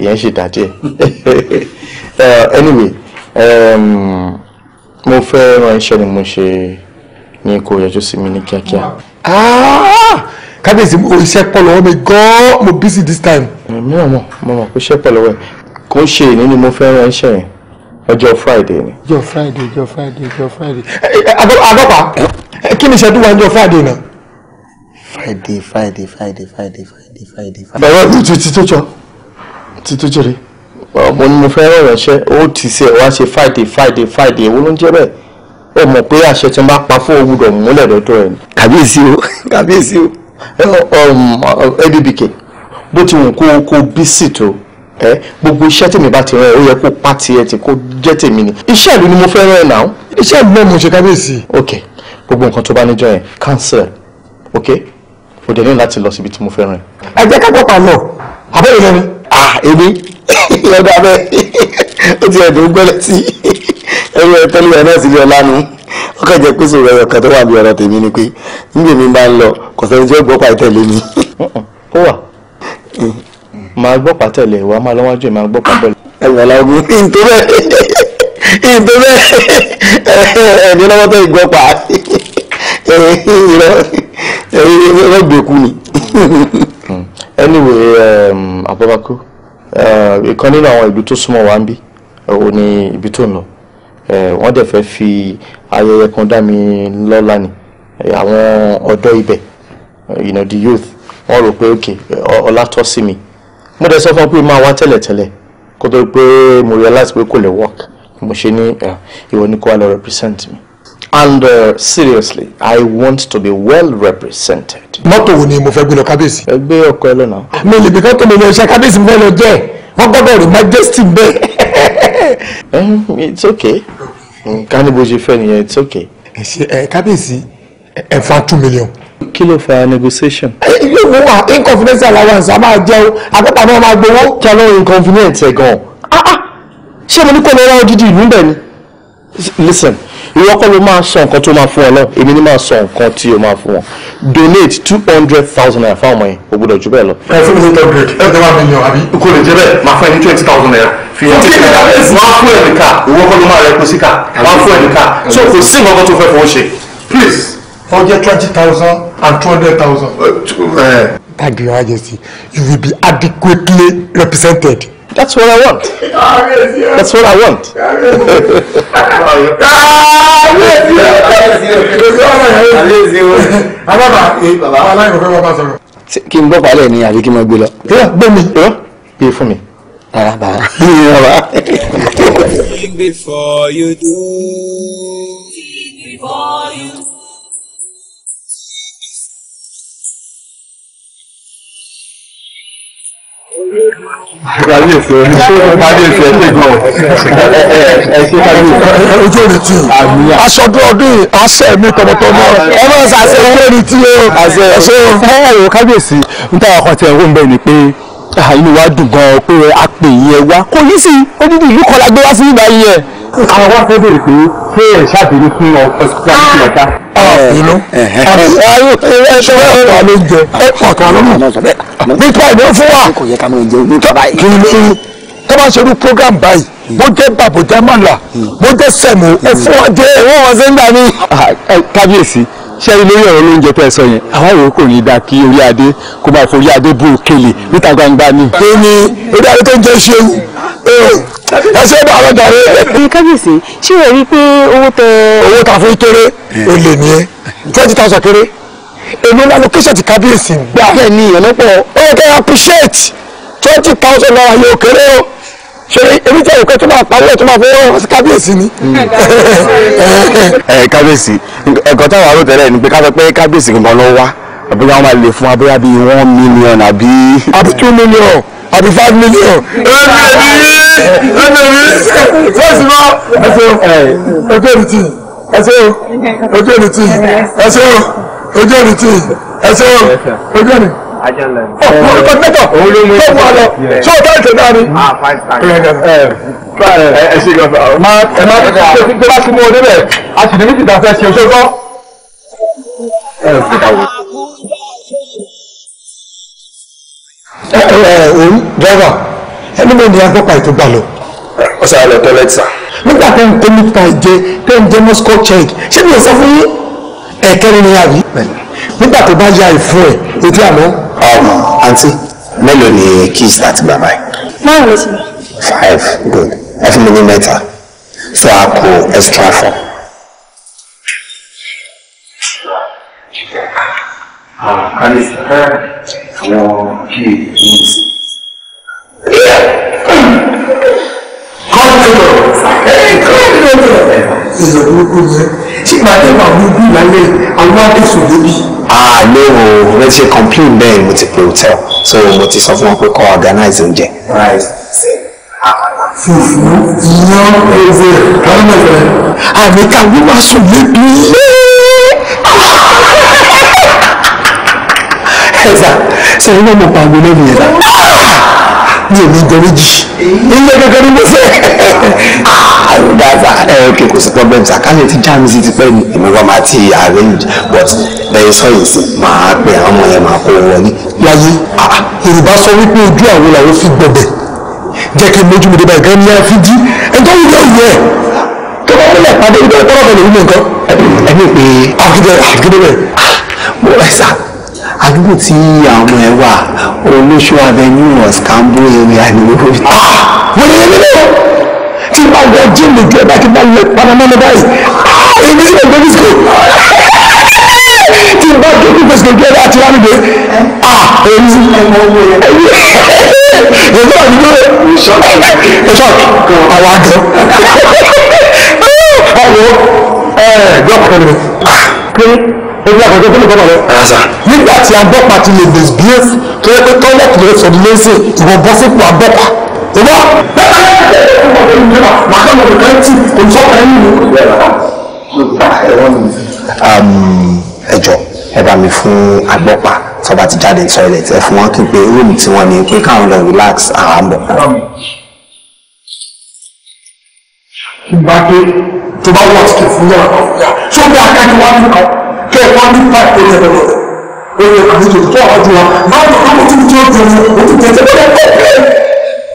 yẹn ṣì dá díẹ̀ uh, anyway um, mo fẹ́ ran iṣẹ́ ni mo ṣe ní kó yọjú sí mi ní kíákíá. Ah! kábíyèsí iṣẹ́ pọ̀ lọ́wọ́ mi gan-an mo busy this time. mi ò mọ̀ mo mọ̀ pé iṣẹ́ pọ̀ lọ́wọ́ ẹ̀ kó ṣe èyí ni mo fẹ́ ran iṣẹ́ yẹn ọjọ́ friday ni. ọjọ́ friday ọjọ́ friday ọjọ́ friday. àgọ́pàá eh, eh, kí ni ìṣẹ́dúwà ọjọ́ friday náà friday friday friday friday friday friday. bàbá mi ju títú jọ títú jèrè mo ní mo fẹ́ rẹ̀ ránṣẹ́ ó ti ṣe wá ṣe friday friday friday èwo ló ń jẹ́ bẹ́ẹ̀ ẹ mọ̀ pé àṣẹ tí n bá pa fún òwúrọ̀ múlẹ̀ lọ́dọ̀ ẹ̀. kàbíyèsí o kàbíyèsí o. adbk um, bó ti wù kó kó bísì tó ẹ gbogbo iṣẹ́ tèmi bá ti rán ẹ ó yẹ kó pa tiẹ̀ tí kò jẹ́ tèmi ni iṣẹ́ ìlú ni mo fẹ́ rán ẹ náà. iṣẹ́ ìlú náà mo ṣe kábíyèsí. ok gbogbo nǹkan tó bá níjọ yẹn cancel ok o dẹ̀ ní láti lọ síbi tí mo fẹ́ rìn. ẹ jẹ́ ká gbọ́pàá lọ àbẹ́rẹ́ lẹ́nu. ah èmi ọ̀dọ̀ abẹ́ ó ti ẹ̀dùn gbẹ́lẹ̀ sí ẹ̀rọ ẹ̀tọ́lẹ̀ ẹ̀ náà sílẹ̀ ọ̀lànà ó kàn jẹ́ pé sọ̀rọ̀ ẹ̀rọ kan tó wà bí ọ̀rọ̀ tèmi ni pé níbi èmi máa ń lọ kò sẹ́ni jẹ́ gbọ́pàá ìtẹ̀lé mi. ó wà eh. máa gbọ́pàá tẹ̀lé wa máa lọ́wọ́jú ẹ̀ máa gbọ́pàá bẹ̀rẹ̀. ẹ̀wọ̀n làwọn ẹ gbẹ̀kú ni. Mm. anyway um, Abubakar uh, ìkan nínú àwọn ìlú tó súnmọ́ wa ń bí òun ni ibi tó ń lọ eh, wọ́n dẹ̀ fẹ́ fi ayẹyẹ kan dá mi lọ́lá ni eh, àwọn ọ̀dọ́ ibẹ̀ you know the youth wọ́n rò pé ok ọlá tọ́ sí mi mo dẹ̀ sọ fún ọ pé máa wá tẹ́lẹ̀tẹ́lẹ̀ kó tó pé mo realize pé kò lè work mo ṣe ní uh, ìwọ ni kó wá lọ represent mi and uh, seriously i want to be well represented. mọ́tò wo ni mo fẹ́ gbé lọ kábíyèsí. ẹ gbé ọkọ ẹ lọ́nà. mi lè bí kọ́kọ́ mi lọ iṣẹ́ kábíyèsí mi fẹ́ lọ jẹ́ wọ́n gbọ́dọ̀ rí majesty bẹ́ẹ̀. it's okay nǹkan ní bó ṣe fẹ́ nìyẹn it's okay. ẹ ṣe ẹ kábíyèsí ẹ fa two million. kí ló fa negotiation. yóò mú wa inconfidence allowance a máa jẹun àpapọ̀ náà máa gbowó. kí ló inconfidence ẹ̀ gan-an ah, ah. ṣé mo ní kó lọ ra odidi ìlú bẹ́ẹ̀ ni listen ìwọ kọ́ ló máa sọ nǹkan tó máa fún ọ náà èmi ni máa sọ nǹkan tí o máa fún ọ donate two hundred thousand naira fáwọn ọmọ yẹn o gbọ́dọ̀ jù bẹ́ẹ̀ lọ. ẹ fún mi ní ten grade ẹ tẹ́ wá mi yàn àbí kò lè jẹ́ bẹ́ẹ̀ máa fún ẹ ní twenty thousand naira wọ́n fún ẹ̀ nìka ìwọ kọ́ ló máa rẹ kó síkà wọ́n fún ẹ̀ nìka so kò sí nǹkan tó fẹ́ fowó ṣe. please wọ́n twenty thousand and two hundred thousand. tag your majesty you will be adequately represented. That's what I want. That's what I want. kí n bọ́ palẹ̀ ni àbí kí n máa gbé lọ. gbé mi gbé fún mi. ara bàa bàa. Before you do. Before you do. kábíyèsí ojú òní tí aṣọ ọdún ọdún mi tọmọtọmọ ẹ máa ń ojú òní tí o ṣe fọwọ́ kábíyèsí níta àwọn kan ti ń bẹ̀ ni pé inú wa dùn gan pé a pè yín ẹ wá kò ní sí odidi ìlú kan gbé wá sí ìgbà yìí yẹ. àwọn wá fẹ́ bèrè pé ṣé ẹ ṣàbẹ̀wò fún ọ hospitality ọ̀tá. ọ̀hún ẹ ṣọwọ́ ọ̀tọ̀ ló ń jẹ ọ̀tọ̀ ló ń jẹ nípa ìlú fún wa kí ni tó bá ṣerú program báyìí bó hmm. jẹ́ bàbò hmm. jẹ́ mọ̀lá bó jẹ́ sẹ̀mù hmm. ẹ fún wa jẹ́ ẹ̀rọ wọn ṣe ń gbà ní. Ah, kábíyèsí ṣé ilé ọ̀rọ̀ lóúnjẹ tó ẹ sọ yẹn àwọn èrò kò ní dáa kí orí adé kó máa forí adé bú òkèlè níta gbangba ni. èyí ni orí adé tó ń jẹ ṣe ẹ ṣe bá àwọn dàrú. Eh, kábíyèsí ṣé o rí i pé owó tẹ. owó ta fún kéré olè nìyẹn twenty thousand kéré èmi ńlá location ti kábíyèsí gbà. bẹ́ẹ̀ ni ìyẹn lọ́pọ̀ ó yẹ kẹ́ appreciate twenty thousand naira yóò kéré o ṣe èmi tẹ̀ ìpẹ́ tó máa parí ẹ̀ tó máa fọwọ́ ọ̀rọ̀ sí kábíyèsí ni. ẹ mm. eh, kábíyèsí ẹ̀kọ́ táwọn arò tẹ́lẹ̀ ni pé ká sọ pé kábíyèsí gan ló wá àbí wọn máa lè fún abẹ́rẹ́ bíi one million àbí. àbí two million àbí five million. ẹnì mi ẹnì mi sẹ́ẹ̀sì lọ. ẹ ṣe o ojú eh. èrìtì ẹ ṣe o ojú èrìtì ẹ ṣe o ojú ẹni tí ẹsẹ ojú ẹni. ọ̀pọ̀ ìpàdétọ̀ lọ́wọ́ alọ tí o bá ìtẹ̀ náà ni. Ah, eh, eh, eh, ẹ ṣe gbọ́dọ̀. ẹ máa tó bá ti mú o débẹ̀ a sì ní méjì tá a fẹ́ ṣe oṣù kọ́. ẹ ẹ òun dọ́gba ẹni mi ni agbọ́pàá ètò gbà lọ. ọ̀sán àlọ́ tọ́lẹ́tì sá. nígbà tẹ́ ń tẹ́ nípa ìjẹ tẹ́ ń jẹ́ mọ́síkọ́ check ṣé mi ò sọ fún yín ẹ̀kẹ́rin ni àbí nígbà tó bá ya ìfún ẹ̀ etí àná. ọmọ àǹtí mélòó ni kiss àti bàbá ẹ. márùn ló ti lọ. five good ẹ fún mi ní mẹ́ta so a kó extra four. àwọn kí ni. kọ́ńtò kọ́ńtò ìṣòro kúrò tí ìbàdàn wà gbogbo ìlànà àwọn adẹ́sùn lóbi. àlẹ́ ah, o mo ti complain bẹ́ẹ̀ mo ti pe hotel so mo ti sọ fún wọn pé kọ́ organize oúnjẹ. fùfú yan ẹ̀fẹ̀ kánú ẹ̀fẹ̀. àmì kàwé máa sùn lébi yé. ẹ̀sà ṣe é lọ́mọ pàgọ́ lẹ́nu yẹn mi ò ní jẹ méjì ilé kankan ní gbèsè àrùn dáadáa ẹ ok kò sí problem sàkálẹ̀ ti já mi sí ti pẹ́ ni èmi wá máa ti arrange but bẹ́ẹ̀ sọ yìí sí máa pe àwọn ọmọ yẹn máa kó wọn ní. láyé ah, ah, yorùbá sọ wípé ojú àwọn làwọn fi gbọ̀bẹ̀ jẹ́ kí n mójú mi dé báyìí gan-an ní a fi jí ẹjọ́ wù yẹ ìyẹ́ tó bá wọlé pàdé ìgbẹ́ tọ́lọ̀ bẹ̀rẹ̀ nínú nǹkan ẹ̀mí pé àgídẹ́rẹ̀ àgídẹ́rẹ̀ ah, mo rẹ̀ sá àdúgbò tí àwọn ọmọ ẹ wà olóṣù avenue ọ̀sìkàmbó area ni wọ́n fi tà. wọ́n yẹ nínú tí wọ́n wọ jíìmù lójú ẹ̀ bá ti bá lọ panamá ní báyìí èmi sì lè gbé ní sùkúl tí bá dókú gbèsè lójú ẹ̀ bá ti rán níbi èmi sì lè mọ owó yẹn. èmi ò ní lóore ìṣọ́ àwọn àgẹ̀ ọ̀wọ́ ẹ̀ẹ́dọ́kùnrin kí orí àkọ́kọ́ tó lè bọ́ bàbá. nígbà tí abọ́pa ti lè disgrace tó yẹ pé tọ́lẹ̀tì lè sọ̀rọ̀ lẹ́sẹ̀ ìwọ bọ́ sípò abọ́pa. ìwọ bẹ́ẹ̀ ni ẹ̀ ẹ̀ ọmọ tó ń gbé wa màá kọ́ um, ọmọ kan tí kò sọ kan nínú. ẹ jọ ẹ bá mi fún abọ́pa tó bá ti jáde toilet ẹ fún wọn kí n pé rúùmù tí wọn ní pé káwọn lọ relax àwọn àbọ̀ tó bá wọ́n àtìkè fún yàrá kan fún yà ṣó bí akẹ́kẹ́ wá ní kan kẹ́ ẹ̀ wọ́n ní five eight seven eight o yẹ kàn ní tòtò tó àwọn jù wọn máa ń lọ sí tí ó di ojú ojú tẹ̀sẹ̀ tó lè kọ́ ẹ̀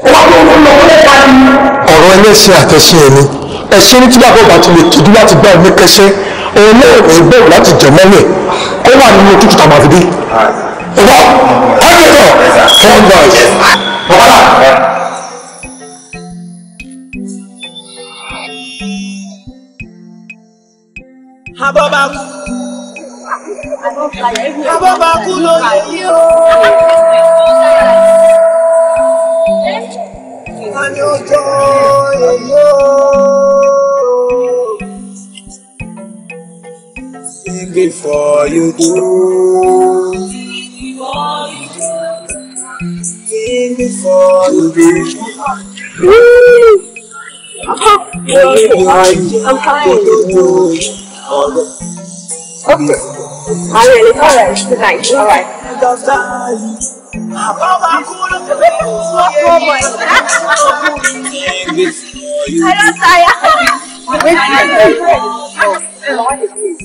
ó wá ló ń lọ ó lè parí. ọ̀rọ̀ ẹlẹ́sìn àtẹ̀sìn ẹ̀ ni ẹ̀sìn ní tíjà bọ́ọ̀ bá ti lè tìdú láti gbá ẹ̀mí kẹsẹ́ òun náà kò bẹ̀rù láti jẹ̀ mọ́lẹ̀ kó wà nínú tútù tàbí àfidí. ọ̀rọ̀ ọ̀rọ̀ ọ̀rọ̀ abọ́bakú abọ́bakú ló lè yí o. Ani ojo eyo. Sing before you do. Sing before you do. Woo! I'm crying. I'm crying. Okay. All right, all right. Good night. All I don't tire. Wait, wait, wait.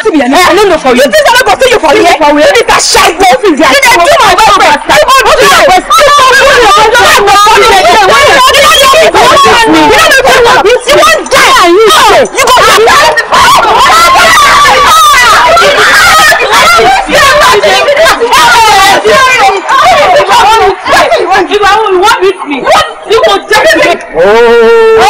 To be honest, I don't know for you. This is not you for you. For you, it's a shy boyfriend. You can do my boyfriend. You can do my boyfriend. You can do my boyfriend. You can do my boyfriend. You can do my boyfriend. You can do my boyfriend hey, you go back there. If I will want with me, you will definitely. Oh.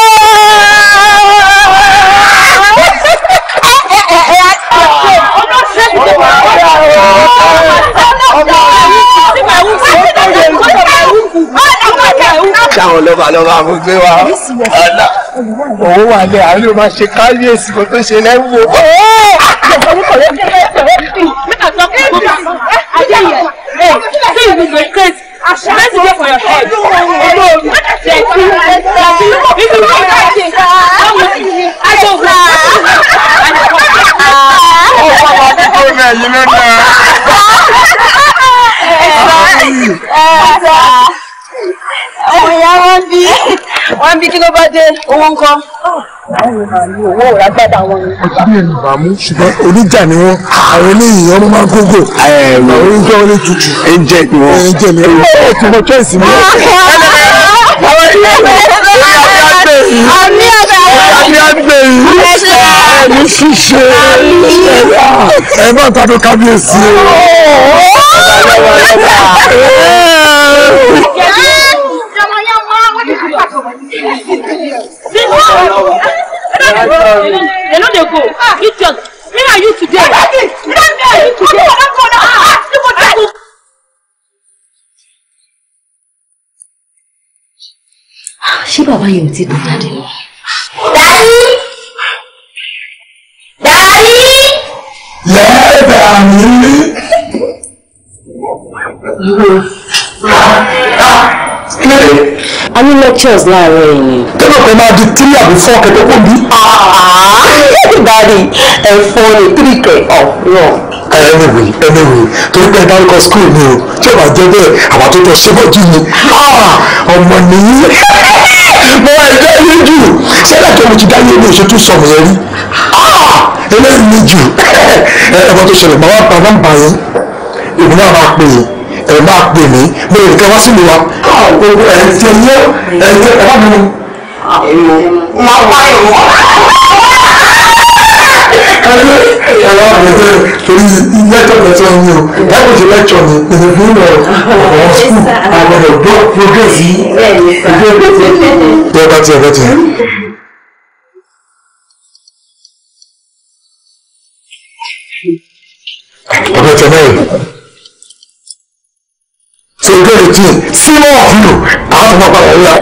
Ṣé àwọn lọ́ba lọ́ba mú gbé wa? Ọ̀la owó wà lẹ àwọn yóò máa ṣe káyéèsí kó tó ṣe lẹ́wọ̀. Yeah ìyá wọn bí wọn bí kí ló bá dé owó ń kọ́. owó ò lágbàdo àwọn yẹn. ọtí ẹnu bàmú ṣùgbọ́n oníjà ni wọn àwọn eléyìí ọmọ máa ń gógó àwọn oníjà wọn lè tutù. ẹ ń jẹ ni wọn ẹ ń jẹ ni wọn ẹ ti mọ choice mi. àwọn ilé ìwé àmì àgbà wọn àmì àgbà yìí ẹni ṣíṣe ẹ má tàdó kábíyèsí o. They no dey go. Idiot. Me and you today. Me and you today. Look at that. Ah, ah, Ṣé bàbá yẹn ò ti kú jáde lọ? Dàrí! Dàrí! Yẹ́ẹ̀ dàrí! Ìwé kílẹ̀. a ní lectures láàárọ̀ yìí ni. kẹ́lọ́ kan máa di three àbí four kẹ́kẹ́ kó bí. dáàdi ẹ̀fọ́ ni three kẹ̀ ọ̀rọ̀. anyway anyway torí pé dárúkọ school ni o tí o bá jẹ bẹ́ẹ̀ àwọn tó tẹ ṣébọ̀jú ni ọmọ nìyí mo wá ẹjọ́ ilé jù sẹ́dá tó mo ti dáyé ilé ìṣètò sọ̀rọ̀ yẹn rí eléyìí ni jù ẹ̀ẹ́dẹ̀gbọ́n tó ṣẹlẹ̀ bàbá bàbá ń bà yẹn ìbùnà máa pè é ẹ bá pè mí mo lè kẹ́ wá sílùú wa gbogbo ẹ̀ ń jẹ yẹ ẹ̀ ń jẹ ẹ̀ bá mi mu. máa bá yẹn wọ. ẹ ẹ wá bẹ̀rẹ̀ torí lẹ́tọ̀ lẹ́tọ̀ yín o báwo ṣe lẹ́tọ̀ ni ìdìbò ìlọ ọ̀hún skul àwọn ọ̀dọ́ progress yìí ìgbẹ́ bá tiẹ̀ bá tiẹ̀. ọ̀gá tẹ̀ náà díẹ̀ sílẹ̀ àbúrò àwọn tó máa bá wọn lọ.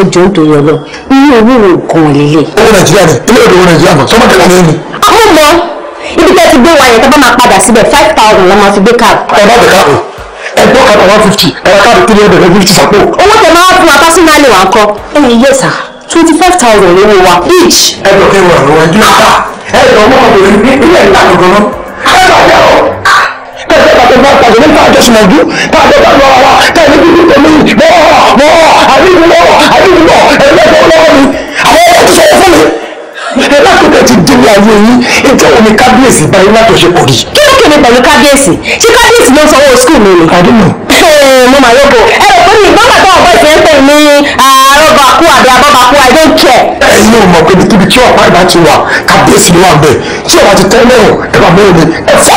ẹ jọ ń torí ọlọ inú owó wo gan lélẹ̀. owó nàìjíríà rẹ ilé ìdòwò nàìjíríà mọ sọmọ kẹlẹ ní ẹni. àwọn mọ ibi tẹ́ ti gbé wa yẹn tó bá máa padà síbẹ̀ five thousand lọ́mọ fi gbé káàbù. ọ̀dọ́ bẹ̀ káàbù ẹgbẹ́ kan one fifty ẹ̀rọ káàbù three hundred and fifty sàpò. owó tẹ máa fún wa pásínà lè wà kọ ẹ̀yìn yẹ sà twenty five thousand lówó wa each. ẹ ẹ̀fẹ́ pàtó bá pàtó ní káàjọ sùmọ̀dú káàjọ bá lọ́wọ́ wa káàjọ bíbí tèmi mọ́ọ̀ mọ́ọ̀ àdìgbò àdìgbò ẹ̀lẹ́gbẹ̀ẹ́ lọ́wọ́ mi àwọn ọmọ ti sọ̀rọ̀ fún mi ẹ̀lákùnkẹ́ ti délé ayé yín ètò òní kábíyèsí báyìí látọ̀ṣe pọ̀ yìí. kí ló kèmí pẹ̀lú kábíyèsí ṣé kábíyèsí ló ń sanwó skul mi ni. àdúgbò. mo mà lóko ẹ rò pé mi ìgbọ́n bàtà ọ̀bọ̀ ìfẹ́ ń pè mí I don't care. ò mọ̀ pé níbi tí ọ̀pá ìbá ti wà kábíyèsí ló wà ń bẹ̀ tí ọ̀pá ti tẹ́ lẹ́rùn ẹ̀ bá mẹ́rin ẹ̀ fọ́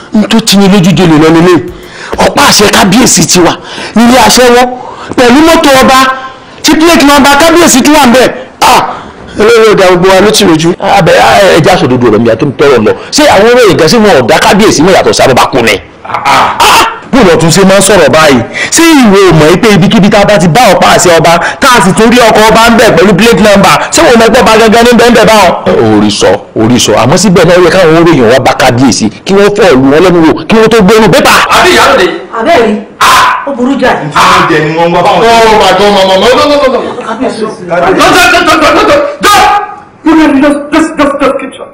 n tó ti ní lójúde lè lọ́nu lé ọ̀pá àṣẹ kábíyèsí ti wà nílé aṣẹ́wó pẹ̀lú mọ́tò ọba tí blake máa ba kábíyèsí tó wà ń bẹ̀ ah olórí ọ̀dà gbogbo wa ló ti lójú. abẹ ẹja sọdodo rẹ mi àti tọrọ lọ ṣé àwọn olóyè gẹ̀ẹ́sì wọn ọ̀dà kábíyèsí mọ̀ yàtọ̀ sábà bá kú ni. Ah, ah. Ah, bó lọ́tún ṣe máa ń sọ̀rọ̀ báyìí sí ìwé ìmọ̀ pé ibikíbi tá a bá ti bá ọ̀pá àṣẹ ọba tá a sì torí ọkọ̀ ọba ń bẹ̀ pẹ̀lú plate number ṣé wọn mẹ́gbọ́n bá gangan ní bẹ́ẹ̀ báwọn. orí sọ orí sọ àmọ́ síbẹ̀ náà ó yẹ káwọn oróyìn wa bá kábíyèsí kí wọ́n fọ́ ìlú wọn lẹ́nu wò kí wọ́n tó gbóòórùn pépà. àbí ìyá lóde. àbẹ́rẹ́ ó burú jà. ìfúnjẹ ni wọ́n ń wá báwọn. ọ̀rọ̀ àjọ mọ̀mọ́ mọ́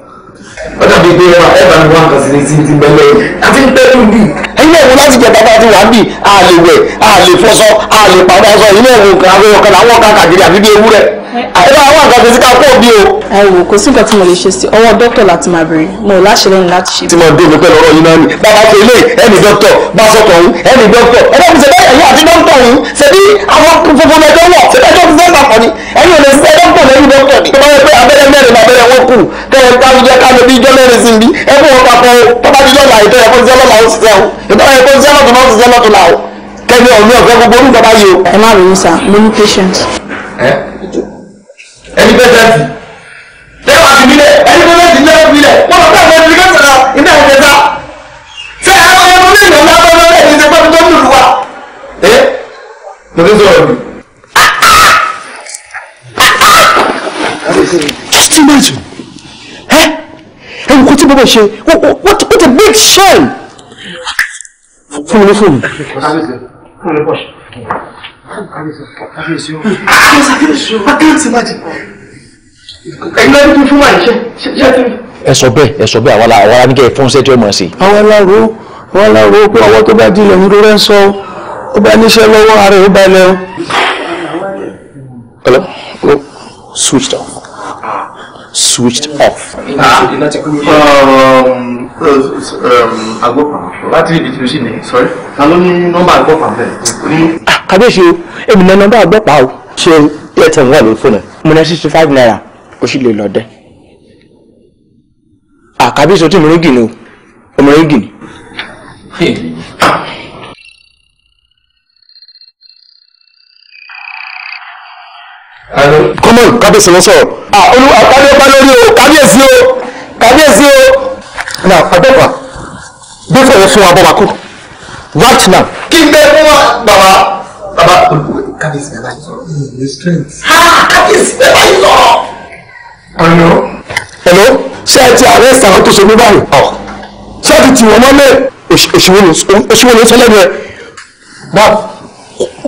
ó dàbí pé ẹ bá mi wá nǹkan sí ní tí ti bẹ́lẹ̀ yìí àti ń tẹ́lú bì. ẹyin ẹ̀wọ̀n láti jẹ bàbá àti wà bì a lè wẹ̀ a lè fọṣọ a lè pàdé aṣọ ilé ẹ̀wọ̀n kan àwọn ọ̀kan làwọn ọ̀kan kàkiri àfi bí ewúrẹ́ àìbá àwọn nǹkan tó ti ká pọ̀ bí o. ẹ wò kò sí nǹkan tí mo lè ṣe sí ọwọ́ dókítà láti máa bèrè mo ò láṣẹ lẹ́nu láti ṣe. tí mo dé mi pẹ́ lọ́rọ́ yín náà ni bàbá tó ilé ẹni dókítà bá sọ̀tọ̀ òun ẹni dókítà ẹ bá mi ṣe bẹ́ẹ̀ ẹ̀yìn àti dókítà òun ṣe bí àwọn funfun ẹjọ́ wọ̀ ṣe bẹ́ẹ̀ dókítà ń papọ̀ ni ẹ̀yìn ò lè ṣe dókítà lẹ́yìn dókítà ni. tó bá yẹ pé abẹ́rẹ́ mẹ́rin abẹ́rẹ́ wọn kù kẹ́rẹ́ káwùjẹ́ kálọ̀ bí ijọ́ mẹ́rin sí bí ẹ fún wọn papọ̀ o tọ́ba di lọ́la ìtọ́ ẹ̀kọ́ ṣiṣẹ́ lọ́la ó ṣiṣẹ́ o ìtọ́ ẹ̀kọ́ ṣiṣẹ́ lọ́tọ̀ náà ó ṣiṣẹ́ lọ́tọ̀ la o kẹ́mi ọ̀mí ọ̀fẹ́ gbogbo orúkọ báyìí o. ẹ má ronú sá mo ní patient. ẹ ẹni pẹ́sẹ́ǹtì tẹ́wà fi nílẹ̀ ẹni pẹ́sẹ́ǹtì náà fi nílẹ̀ wọ́n lọ bẹ́ẹ̀ lọ́dún nígbà sọ̀rọ̀ iná ìjẹta ṣé àwọn ọmọ ní ìlú ńlá lọ́dún ẹni ṣe pẹ́ tó lùlù wa. ẹ lọ́dún sọ̀rọ̀ mi. just imagine ẹ ẹ nǹkan tí bàbá ṣe what what a big shame fún mi ní fún mi kábíyèsí o kábíyèsí o akáǹtì má jẹ ẹ̀yin lọ́dún tó fún wa ṣe ṣe ti. ẹ sọ bẹ́ẹ̀ ẹ sọ bẹ́ẹ̀ àwa la àwa la ní kẹ fún sẹtí ọmọ sí. àwa la ro àwa la ro pé ọwọ́ tó bá di ilẹ̀ ńlọ rẹ̀ ń sọ ó bá níṣẹ́ lọ́wọ́ ara ẹ̀ ó balẹ̀ o. hello o switched off switched off. agbópamọ́ bátìrì ibi tí o sì ní sọ́rí ta ló ní nọ́mbà agbópamọ́ bẹ́ẹ̀ kábíyèsí èmi náà o. ṣé airtel wà fóònù mo ná sixty naira lè lọ dẹ. o gìn o ọmọ gìn ni. kábíyèsí ló sọ̀rọ̀. olúwa kábíyèsí bá lórí o kábíyèsí o kábíyèsí o. na agbẹ́pà gbé fọwọ́ fún wa bọ́ wa kú right now. n bàbá hmm, kábíyèsí bẹ́ẹ̀ báyìí sọ. ní strength. kábíyèsí bẹ́ẹ̀ báyìí sọ. hello. hello ṣé ẹ ti arrest àwọn tó ṣe mí báyìí. Oh. ṣé ẹ ti tì wọ́n mọ́lẹ̀ òṣìwò ló sọ lẹ́nu ẹ̀. bá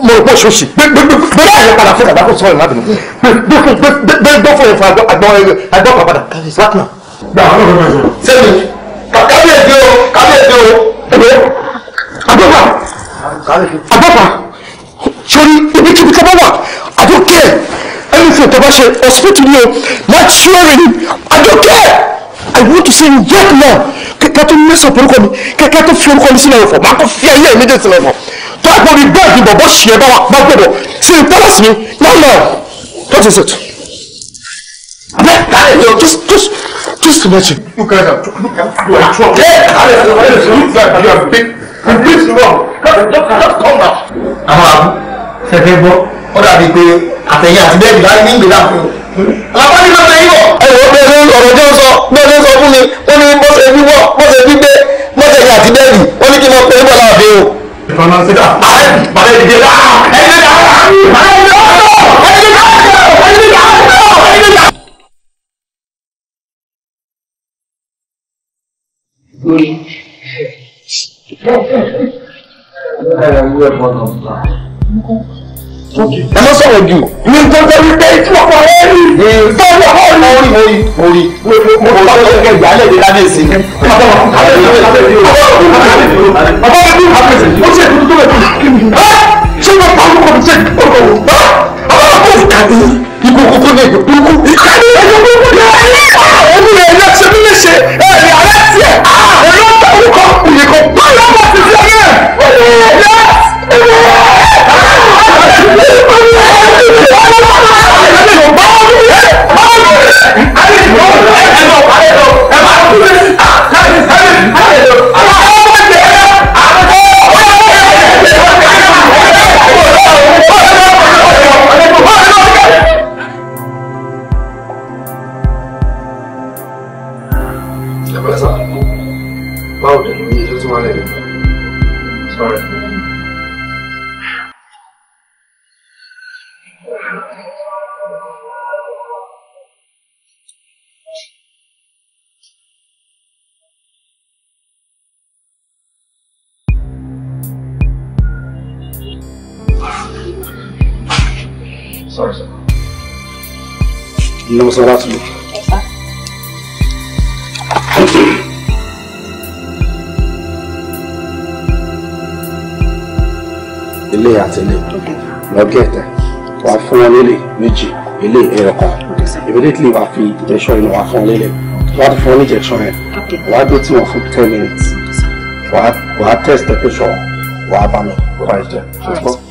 mo rò pé ṣòṣì bẹ́ẹ̀ yẹn padà fún bàbá kò sọ̀rọ̀ má bínú bẹ́ẹ̀ gbọ́ fún ìfọ̀ àgbọ̀ padà kábíyèsí wákì náà. gbà á kábíyèsí o kábíyèsí o. àbọ̀fà àbọ̀fà sori ibikíbi tó I wà care. ẹnìfẹ tó bá ṣe hospital ni o lecturing àdókè i care. I want to say yet now kẹkẹ tó mẹsẹ orúkọ mi kẹkẹ tó fi orúkọ mi sílẹ̀ ẹ̀fọ́ máa kó fi ayé mi dé sílẹ̀ ẹ̀fọ́ tó àgbọn mi bẹ́ẹ̀ ni bọ̀bọ̀ ṣì ẹ bá wà bá gbọdọ̀ ṣe ìpẹ́lẹ́sì mi now now what is it. bẹ́ẹ̀ ká yọ just just just imagine. look at that look at that you are in trouble. bẹ́ẹ̀ ká ẹ̀ yọ just imagine. you are big you are big wrong Come, just come now. àwọn fẹ́fẹ́ bọ́ ó dàbí pé àtẹ̀yìn àti bẹ́ẹ̀ bíláì ní ìgbéra fún un làwọn ní bàbá yìí wọ̀. ẹ wò ó bẹ́ẹ̀ ní ọ̀rọ̀ tí sọ bẹ́ẹ̀ ní sọ fún mi ó ní bọ́sẹ̀ wíwọ́ bọ́sẹ̀ gbígbé bọ́sẹ̀ yìí àti bẹ́ẹ̀lì ó ní kí n máa pè bọ́lá àbí o. ìfọ̀nà ẹ mọ sọ̀rọ̀ jù ní gbogbo wípé tí wọn kọ ẹ rí bọọlù ọhún orí orí orí mo tọ́ ọ kẹ gbà lẹ́yìn lábẹ́ ìsìn mi. bàbá mi ó ṣe tuntun tó lẹ́kùn kí ni ṣé wọn pa orúkọ mi ṣe orúkọ mi bá bàbá mi kò kà ní ikú kúkú ní ìlú kúkú. ìkànnì ẹ̀yọ́ kúkú ní ọ̀hún ẹ̀ ẹ̀ ṣe mí léṣe ẹ̀ ẹ̀ àrẹ tiẹ̀ ẹ̀ ló ń tọ́ orúkọ ìyẹ̀kọ̀ báyọ̀ bá ti fi ọ̀rẹ́ ẹ̀ Oh, my God. na masalatu ne ilé àtẹlé lọ gẹ̀ẹ́tẹ̀ wàá fún wọn lélẹ̀ méjì ilé ẹ̀rọ kan immediately wàá fi injection inú wàá fún wọn lélẹ̀ wàá ti fún wọn ní injection yẹn wàá tí wọn fún ten minutes wàá test the pressure wàá bá mi kọ́ ẹ̀jẹ̀ ṣùgbọ́n.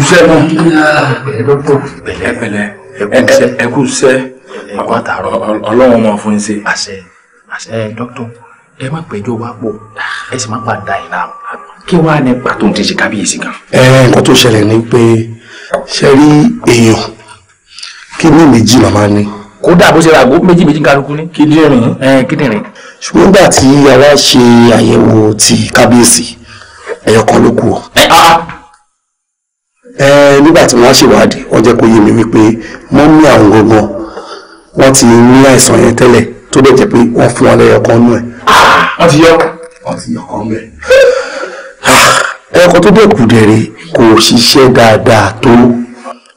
ẹkúṣẹ́ náà dókítà pẹ̀lẹ́pẹ̀lẹ́ ẹkúṣẹ́ ẹkúṣẹ́ àpáta ọlọ́run ọmọ fún ṣe. àṣẹ àṣẹ dókítà ẹ má péjọ wá pọ̀ ẹ sì má padà ìlà kí wàá ní pàtó ti ṣe kábíyèsí kan. ẹ nǹkan tó ṣẹlẹ̀ ni pé ṣe rí èèyàn kí ní méjì màmá ni. kódà bó ṣe ra àgbo méjì méjì kálukú ní. kíndìnrín kíndìnrín. ṣùgbọ́n nígbà tí a wá ṣe àyẹ̀wò ti kábíyèsí ẹ̀yọ̀kan ló kù. ẹ ah nígbà tí wọ́n ṣèwádìí wọ́n jẹ́ kó yé mi wípé mọ́mí àwọn gangan wọ́n ti ní àìsàn yẹn tẹ́lẹ̀ tó dẹ̀ jẹ́ pé wọ́n fún wọn lẹ́yọ kan nú ẹ̀. wọ́n ti yọ wọ́n ti yọ kan bẹ́ẹ̀. ẹ̀kọ́ tó dẹ̀ kù dẹ̀ rèé kò ṣiṣẹ́ dáadáa tó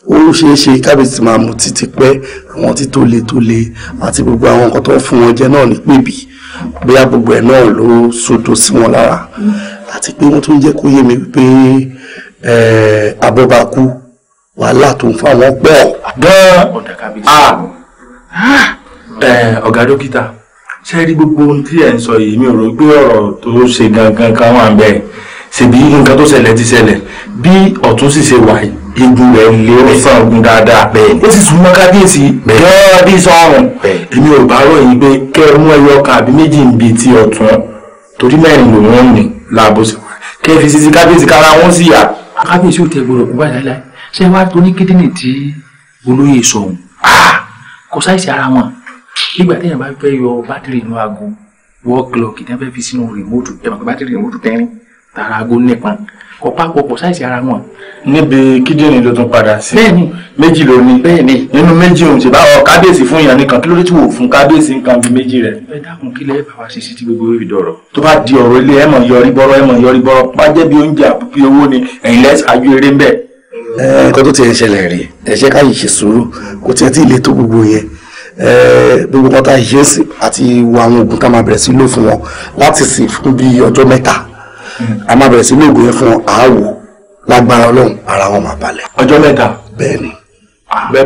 ó ṣeé ṣe kábíyèsí máa mu títí pẹ́ àwọn tí tó le tó le àti gbogbo àwọn nǹkan tó ń fún wọn jẹ náà ní pèbí bóyá gbogbo ẹ̀ náà ló sodo sí wọn lára àti pé wọ́n tún jẹ́ kó yé mi wípé abọ́bakú wàhálà tó ń fáwọn pọ̀. gan-an ọ̀gá dókítà ṣe rí gbogbo ohun tí ẹ̀ ń sọ yìí mi ò rò pé ọ̀rọ̀ tó ṣe gangan kan wà ń bẹ̀ ṣèbí nǹkan tó ṣẹlẹ̀ ti ṣẹlẹ̀ bí ọ̀tún sì ṣe wà yìí igun rẹ̀ lé ó sàn ogun dáadáa ó sì súnmọ́ kábíyèsí gẹ́gẹ́ bí sọ́run èmi ò bá rọ̀ yìí pé kẹ́ mú ẹyọ ọkàn àbí méjì ń bi ti ọ̀tún torí mẹ́rin lòún ń rìn láàbò sí kẹ́ fi sisi kábíyèsí kára wọn sì yà kábíyèsí ò tẹ gbọdọ̀ kú báyìí láíláí ṣé wàá tó ní kídínì tí olóyè sọ̀hún ah! kò sáìsì ara wọn nígbà téèyàn bá fẹ́ yọ bátìrì inú aago wọ́ọ̀ clock ìdánfẹ́ fi sínú rìmóòtù ẹ̀ mọ̀ rìmóòtù tẹ́rín tààrà aago nípọn kò papọ̀ kò sáìsì ara wọn. níbi kíndìnrín ló tún padà sí. bẹ́ẹ̀ni méjì ló ní. bẹ́ẹ̀ni nínú méjì òun ṣe bá ọ kábíyèsí fún ìyàn nìkan kí ló dé tí wò fún kábíyèsí nǹkan bíi méjì rẹ. ẹ dákun kí lẹ bá wa ṣe sí ti gbogbo orí ìdọ̀rọ̀. tó bá di ọ̀rọ̀ ilé ẹ̀mọ̀ yọrí bọ́rọ̀ ẹ̀mọ̀ yọrí bọ́rọ̀ bá jẹ́ bí oúnjẹ àbúkí owó ni ẹ̀yin lẹ́sẹ̀ ajú eré ń bẹ̀. nǹkan tó ti ń ṣẹlẹ̀ rèé ẹ ṣe káyì ṣe sùúrù kò tiẹ̀ tí ì le tó gbogbo yẹn gbogbo kan tá a ṣe àti wo àwọn oògùn tá a máa bẹ̀rẹ̀ sí lò fún wọn láti sìn fún bíi ọjọ́ mẹ́ta a máa bẹ̀rẹ̀ sí ní ògùn yẹn fún àáwò lágbára ọlọ́run ara wọn máa balẹ̀. ọjọ́ mẹ́ta. bẹ́ẹ̀ ni. Ah, bẹ́ẹ̀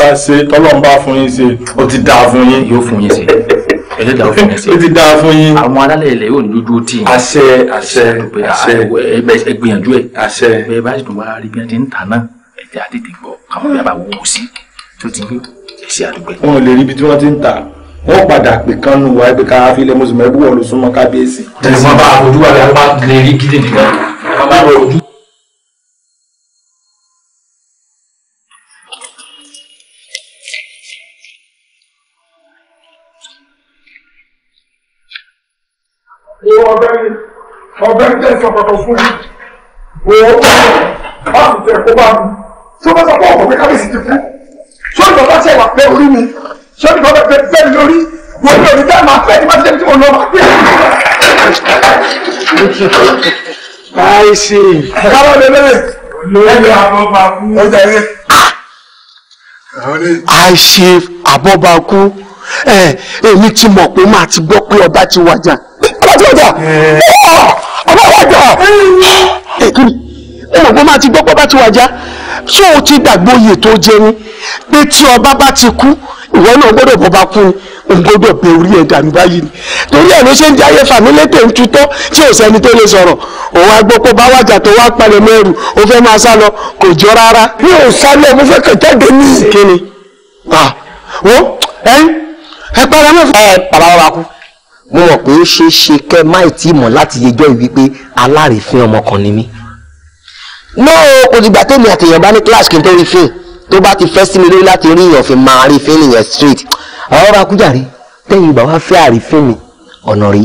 bá ṣe tọ́lọ́run bá fún yín ṣe ó ti dáa fún yín. yóò fún yín ṣe ẹlẹ́dàá ó fún yín ṣe. ó ti dáa fún yín. àwọn alálẹ̀ ilẹ̀ yóò ní dúdú tì yín. àṣẹ àṣẹ àṣẹ ẹ gbìyànjú ẹ. àṣẹ bẹ́ẹ̀ bá ṣètò wàá rí bí wọ́n ti ń tà náà ẹ̀jẹ̀ àtètè gbọ́ káwọn bí a bá wò ó sí tó ti yé ẹ̀ṣẹ̀ àdúgbò. wọn ò lè rí ibi tí wọ́n padà pè kan nù wá pé ká fi ilé mùsùlùmí ẹbí wọ̀ ló súnmọ́ kábíyèsí. tẹ̀sán bá ojú wa rẹ̀ bá lè rí gidi nìkan bá rọ ojú. wo ọbẹ̀ mi ọbẹ̀ mi tẹ̀sán pàtó fún mi wo bá mi tẹ̀ kó bá mi sọ ma sọ fún ọkọ̀ pé kábíyèsí ti kú sọ ìjọba ṣe wà pé orí mi sọ́ni bàbá ìfẹ́ fẹ́ mi lórí wọ́n mi ò ní dáhùn àfẹ́ tí máa ti tẹ́tí mo lọ máa pè é. báyìísì. káwọn lè lélẹ̀. lórí abọ́bakú. ọjà yẹn. àìsí abọ́bakú èmi ti mọ̀ pé màá ti gbọ́ pé ọba ti wàjà. ọba ti wàjà. ọba wàjà. èkìrì ẹ̀rọ gbọ́n máa ti gbọ́ pé ọba ti wàjà ṣé o ti gbàgbọ́ oyè tó jẹ ni pé tí ọba bá ti kú ìwọ náà gbọ́dọ̀ bọba kú n gbọ́dọ̀ bẹ orí ẹ dànù báyìí ni torí ẹ ló ṣe ń jáyé fàmílétè ń tutọ́ tí ò sẹ́ni tó lè sọ̀rọ̀ òun agbó kó bá wájà tó wá palẹ̀ mẹ́rù ó fẹ́ máa sá lọ kò jọ rárá. mi ò sá lọ mo fẹ́ kàn jáde ní. kíni wo ẹyin ẹ pàrọ̀ mọ́. ẹ pàrọ̀ wa kú mo mọ̀ pé ó ṣe kẹ́ máì tí mọ̀ láti yejọ́ ìwí pé alárèéfín ọmọkàn ni mí. náà kò dìgbà tèmi àtèèyàn bá ní kíláàsì kí n tó rí fíìn tó bá ti fẹ́ sí mi lórí láti rí ìyàn fi máa rí fíìmù yẹn straight àwọn ọba kújàre tẹ́yìn ìgbà wá fẹ́ àrífín mi ọ̀nà rí.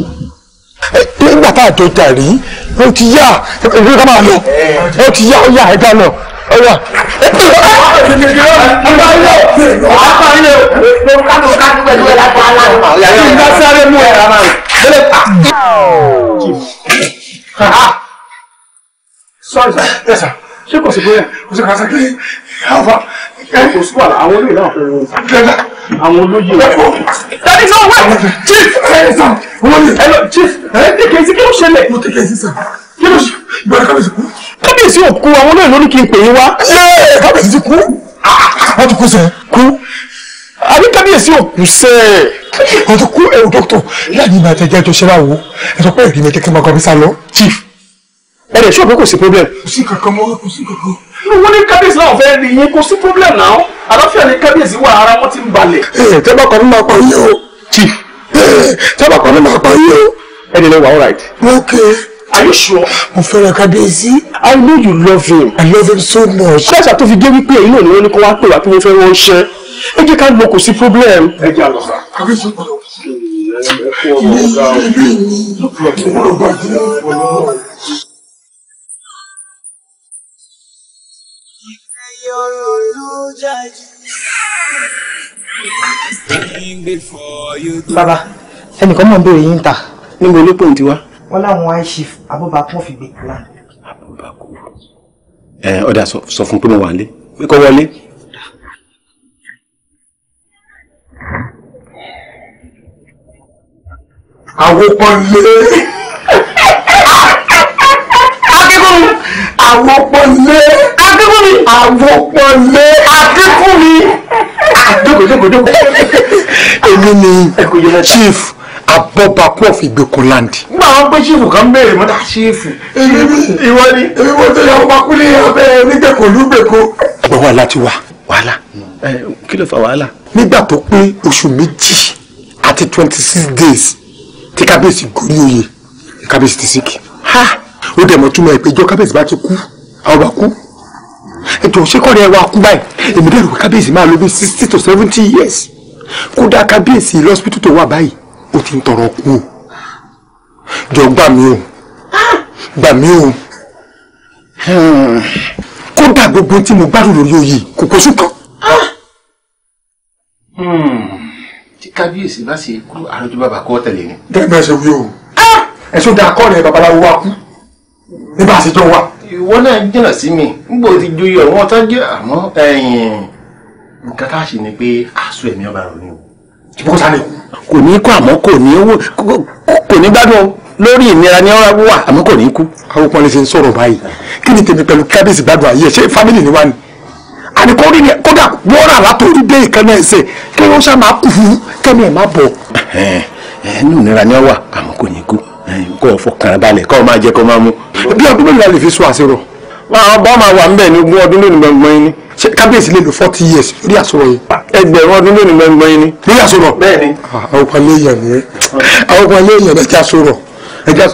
nígbà tá a tó tà rí ó ti yá ìwé ká máa lọ ó ti yá ó yá ẹ̀ka lọ ó yá. Sorry, sir. Yes, sir. Ṣé kò sí bóyá? Kò sí kàásà kiri àwa kò sí wàhálà kábíyèsí ò kú àwọn olóyè lórí kí n pè yín wá. kábíyèsí ti kú ah! wọ́n ti kú sẹ́ kú àbí kábíyèsí ò kú sẹ́ wọ́n ti kú ẹ̀rù dókítà láàyè ìmọ̀ àtẹ̀jẹ́ ẹjọ́ ṣẹlá wo ẹ̀sọ́ pé ìrìn ẹ̀kẹ́kẹ́ máa gọbí sá lọ chief ẹ̀rẹ̀ ṣọ́ọ̀bù kò sí problem. kò sí kankan mọ́ kò sí kankan wọ́n ní kábíyèsí náà fẹ́ rí yín kò sí problem náà àlàáfíà ní kábíyèsí wà ara wọn ti ń balẹ̀. ẹ eh, tẹ́ bá ní máa pa yín o chief eh, tẹ́ bá kọ́ ní máa pa yín o. ẹ dẹ̀ wà alright. okay. Are you sure? Mo fẹ́ràn Kábíyèsí. I know you love him. I love him so much. Ṣé àṣà tó fi dé wípé èyí náà ni wọ́n ní kó wá pè wá pé mo fẹ́ wọ́n ṣẹ́? Ẹ jẹ́ ká lọ kò sí problem. Ẹ jẹ́ àlọ́ sá. Kábíyèsí ọ̀pọ̀lọpọ̀. ọ̀rọ̀ ló jájú. bàbá ẹnìkan mọ̀ ń béèrè yín ta. níbo ló pè ń tiwa. wọ́n láwọn aishif abubakar fi gbé plan. abubakar ẹ ọ̀dà sọ fún pé mo wà nílé pé kó wọlé. àwòkọ́ lé. àwòpọ̀lé. akíkúmi. àwòpọ̀lé. akíkúmi. àdókòdókòdókò. èmi ni chief abọ́bakú of ìgbèkùn land. nígbà wọn pé chief kan béèrè mọ́tà chief. èmi ni ìwọ ni èmi wọ́n tó yà wọ́n bá kúlé abẹ́ nígbèkùn lúgbèkùn. ọgbà wàhálà ti wà wàhálà. kí ló fa wàhálà. nígbà tó pé oṣù méjì àti twenty six days tí kábíyèsí gorí oyè kábíyèsí ti sìnkì. ha ó dẹ̀ mọ̀ túmọ̀ ẹ̀ pé ìjọ kábíyèsí bá ti kú àwọn bá kú ẹjọ ṣẹkọrẹ ẹ wa kú báyìí èmi dẹrù kábíyèsí máa lò bí sixty to seventy years kódà kábíyèsí lọ́sibítù tó wà báyìí ó ti ń tọrọ kú o jọ gbà mí o gbà mí o kódà gbogbo tí mo gbádùn lórí oyè kò kó sùkàn. Hmm. tí kábíyèsí bá ṣe kú àrùn tó bàbá kọ́ tẹ̀lé ni. gẹ́gẹ́ bí ẹ ṣe wí o ẹ̀sùn dàkọ́ rẹ̀ babaláwo wa kú ní bá a ṣe jọ wà. ìwọ náà jìnnà sí mi nígbà tí ju iye ọ̀wọ́n tán jẹ́ àmọ́ nǹkan tá a ṣe ni pé àṣù ẹ̀mí ọba rò ni o. ṣùgbọ́n sáré. kò ní kú àmọ́ kò ní wò kò ní gbádùn o lórí ìnira ni ọ̀rọ̀ wà àmọ́ kò ní kú. àwọn ọmọ rẹ ṣe ń sọ̀rọ̀ báyìí kí ni tèmi pẹ̀lú kábíyèsí gbádùn ayé ṣé fámìlì ni wá ni. àní kò rí ni kódà wọ́ọ̀rà látòrí dé ìkànnì ẹ̀sẹ̀ kí wọ́n bí ọdún mélòó la lè fi sọ àṣírò bá máa wà níbẹ̀ ní ogún ọdún lónìí gbọ̀ngbọ̀n yín ni ṣé kábíyèsí lè lo forty years lórí àṣọrọ yìí. ẹgbẹ̀rún ọdún lónìí gbọ̀ngbọ̀n yín ni. lórí àṣọrọ bẹ́ẹ̀ni. Ah, àwọn kan léèyàn ni àwọn kan léèyàn ẹja sọ̀rọ̀ ẹja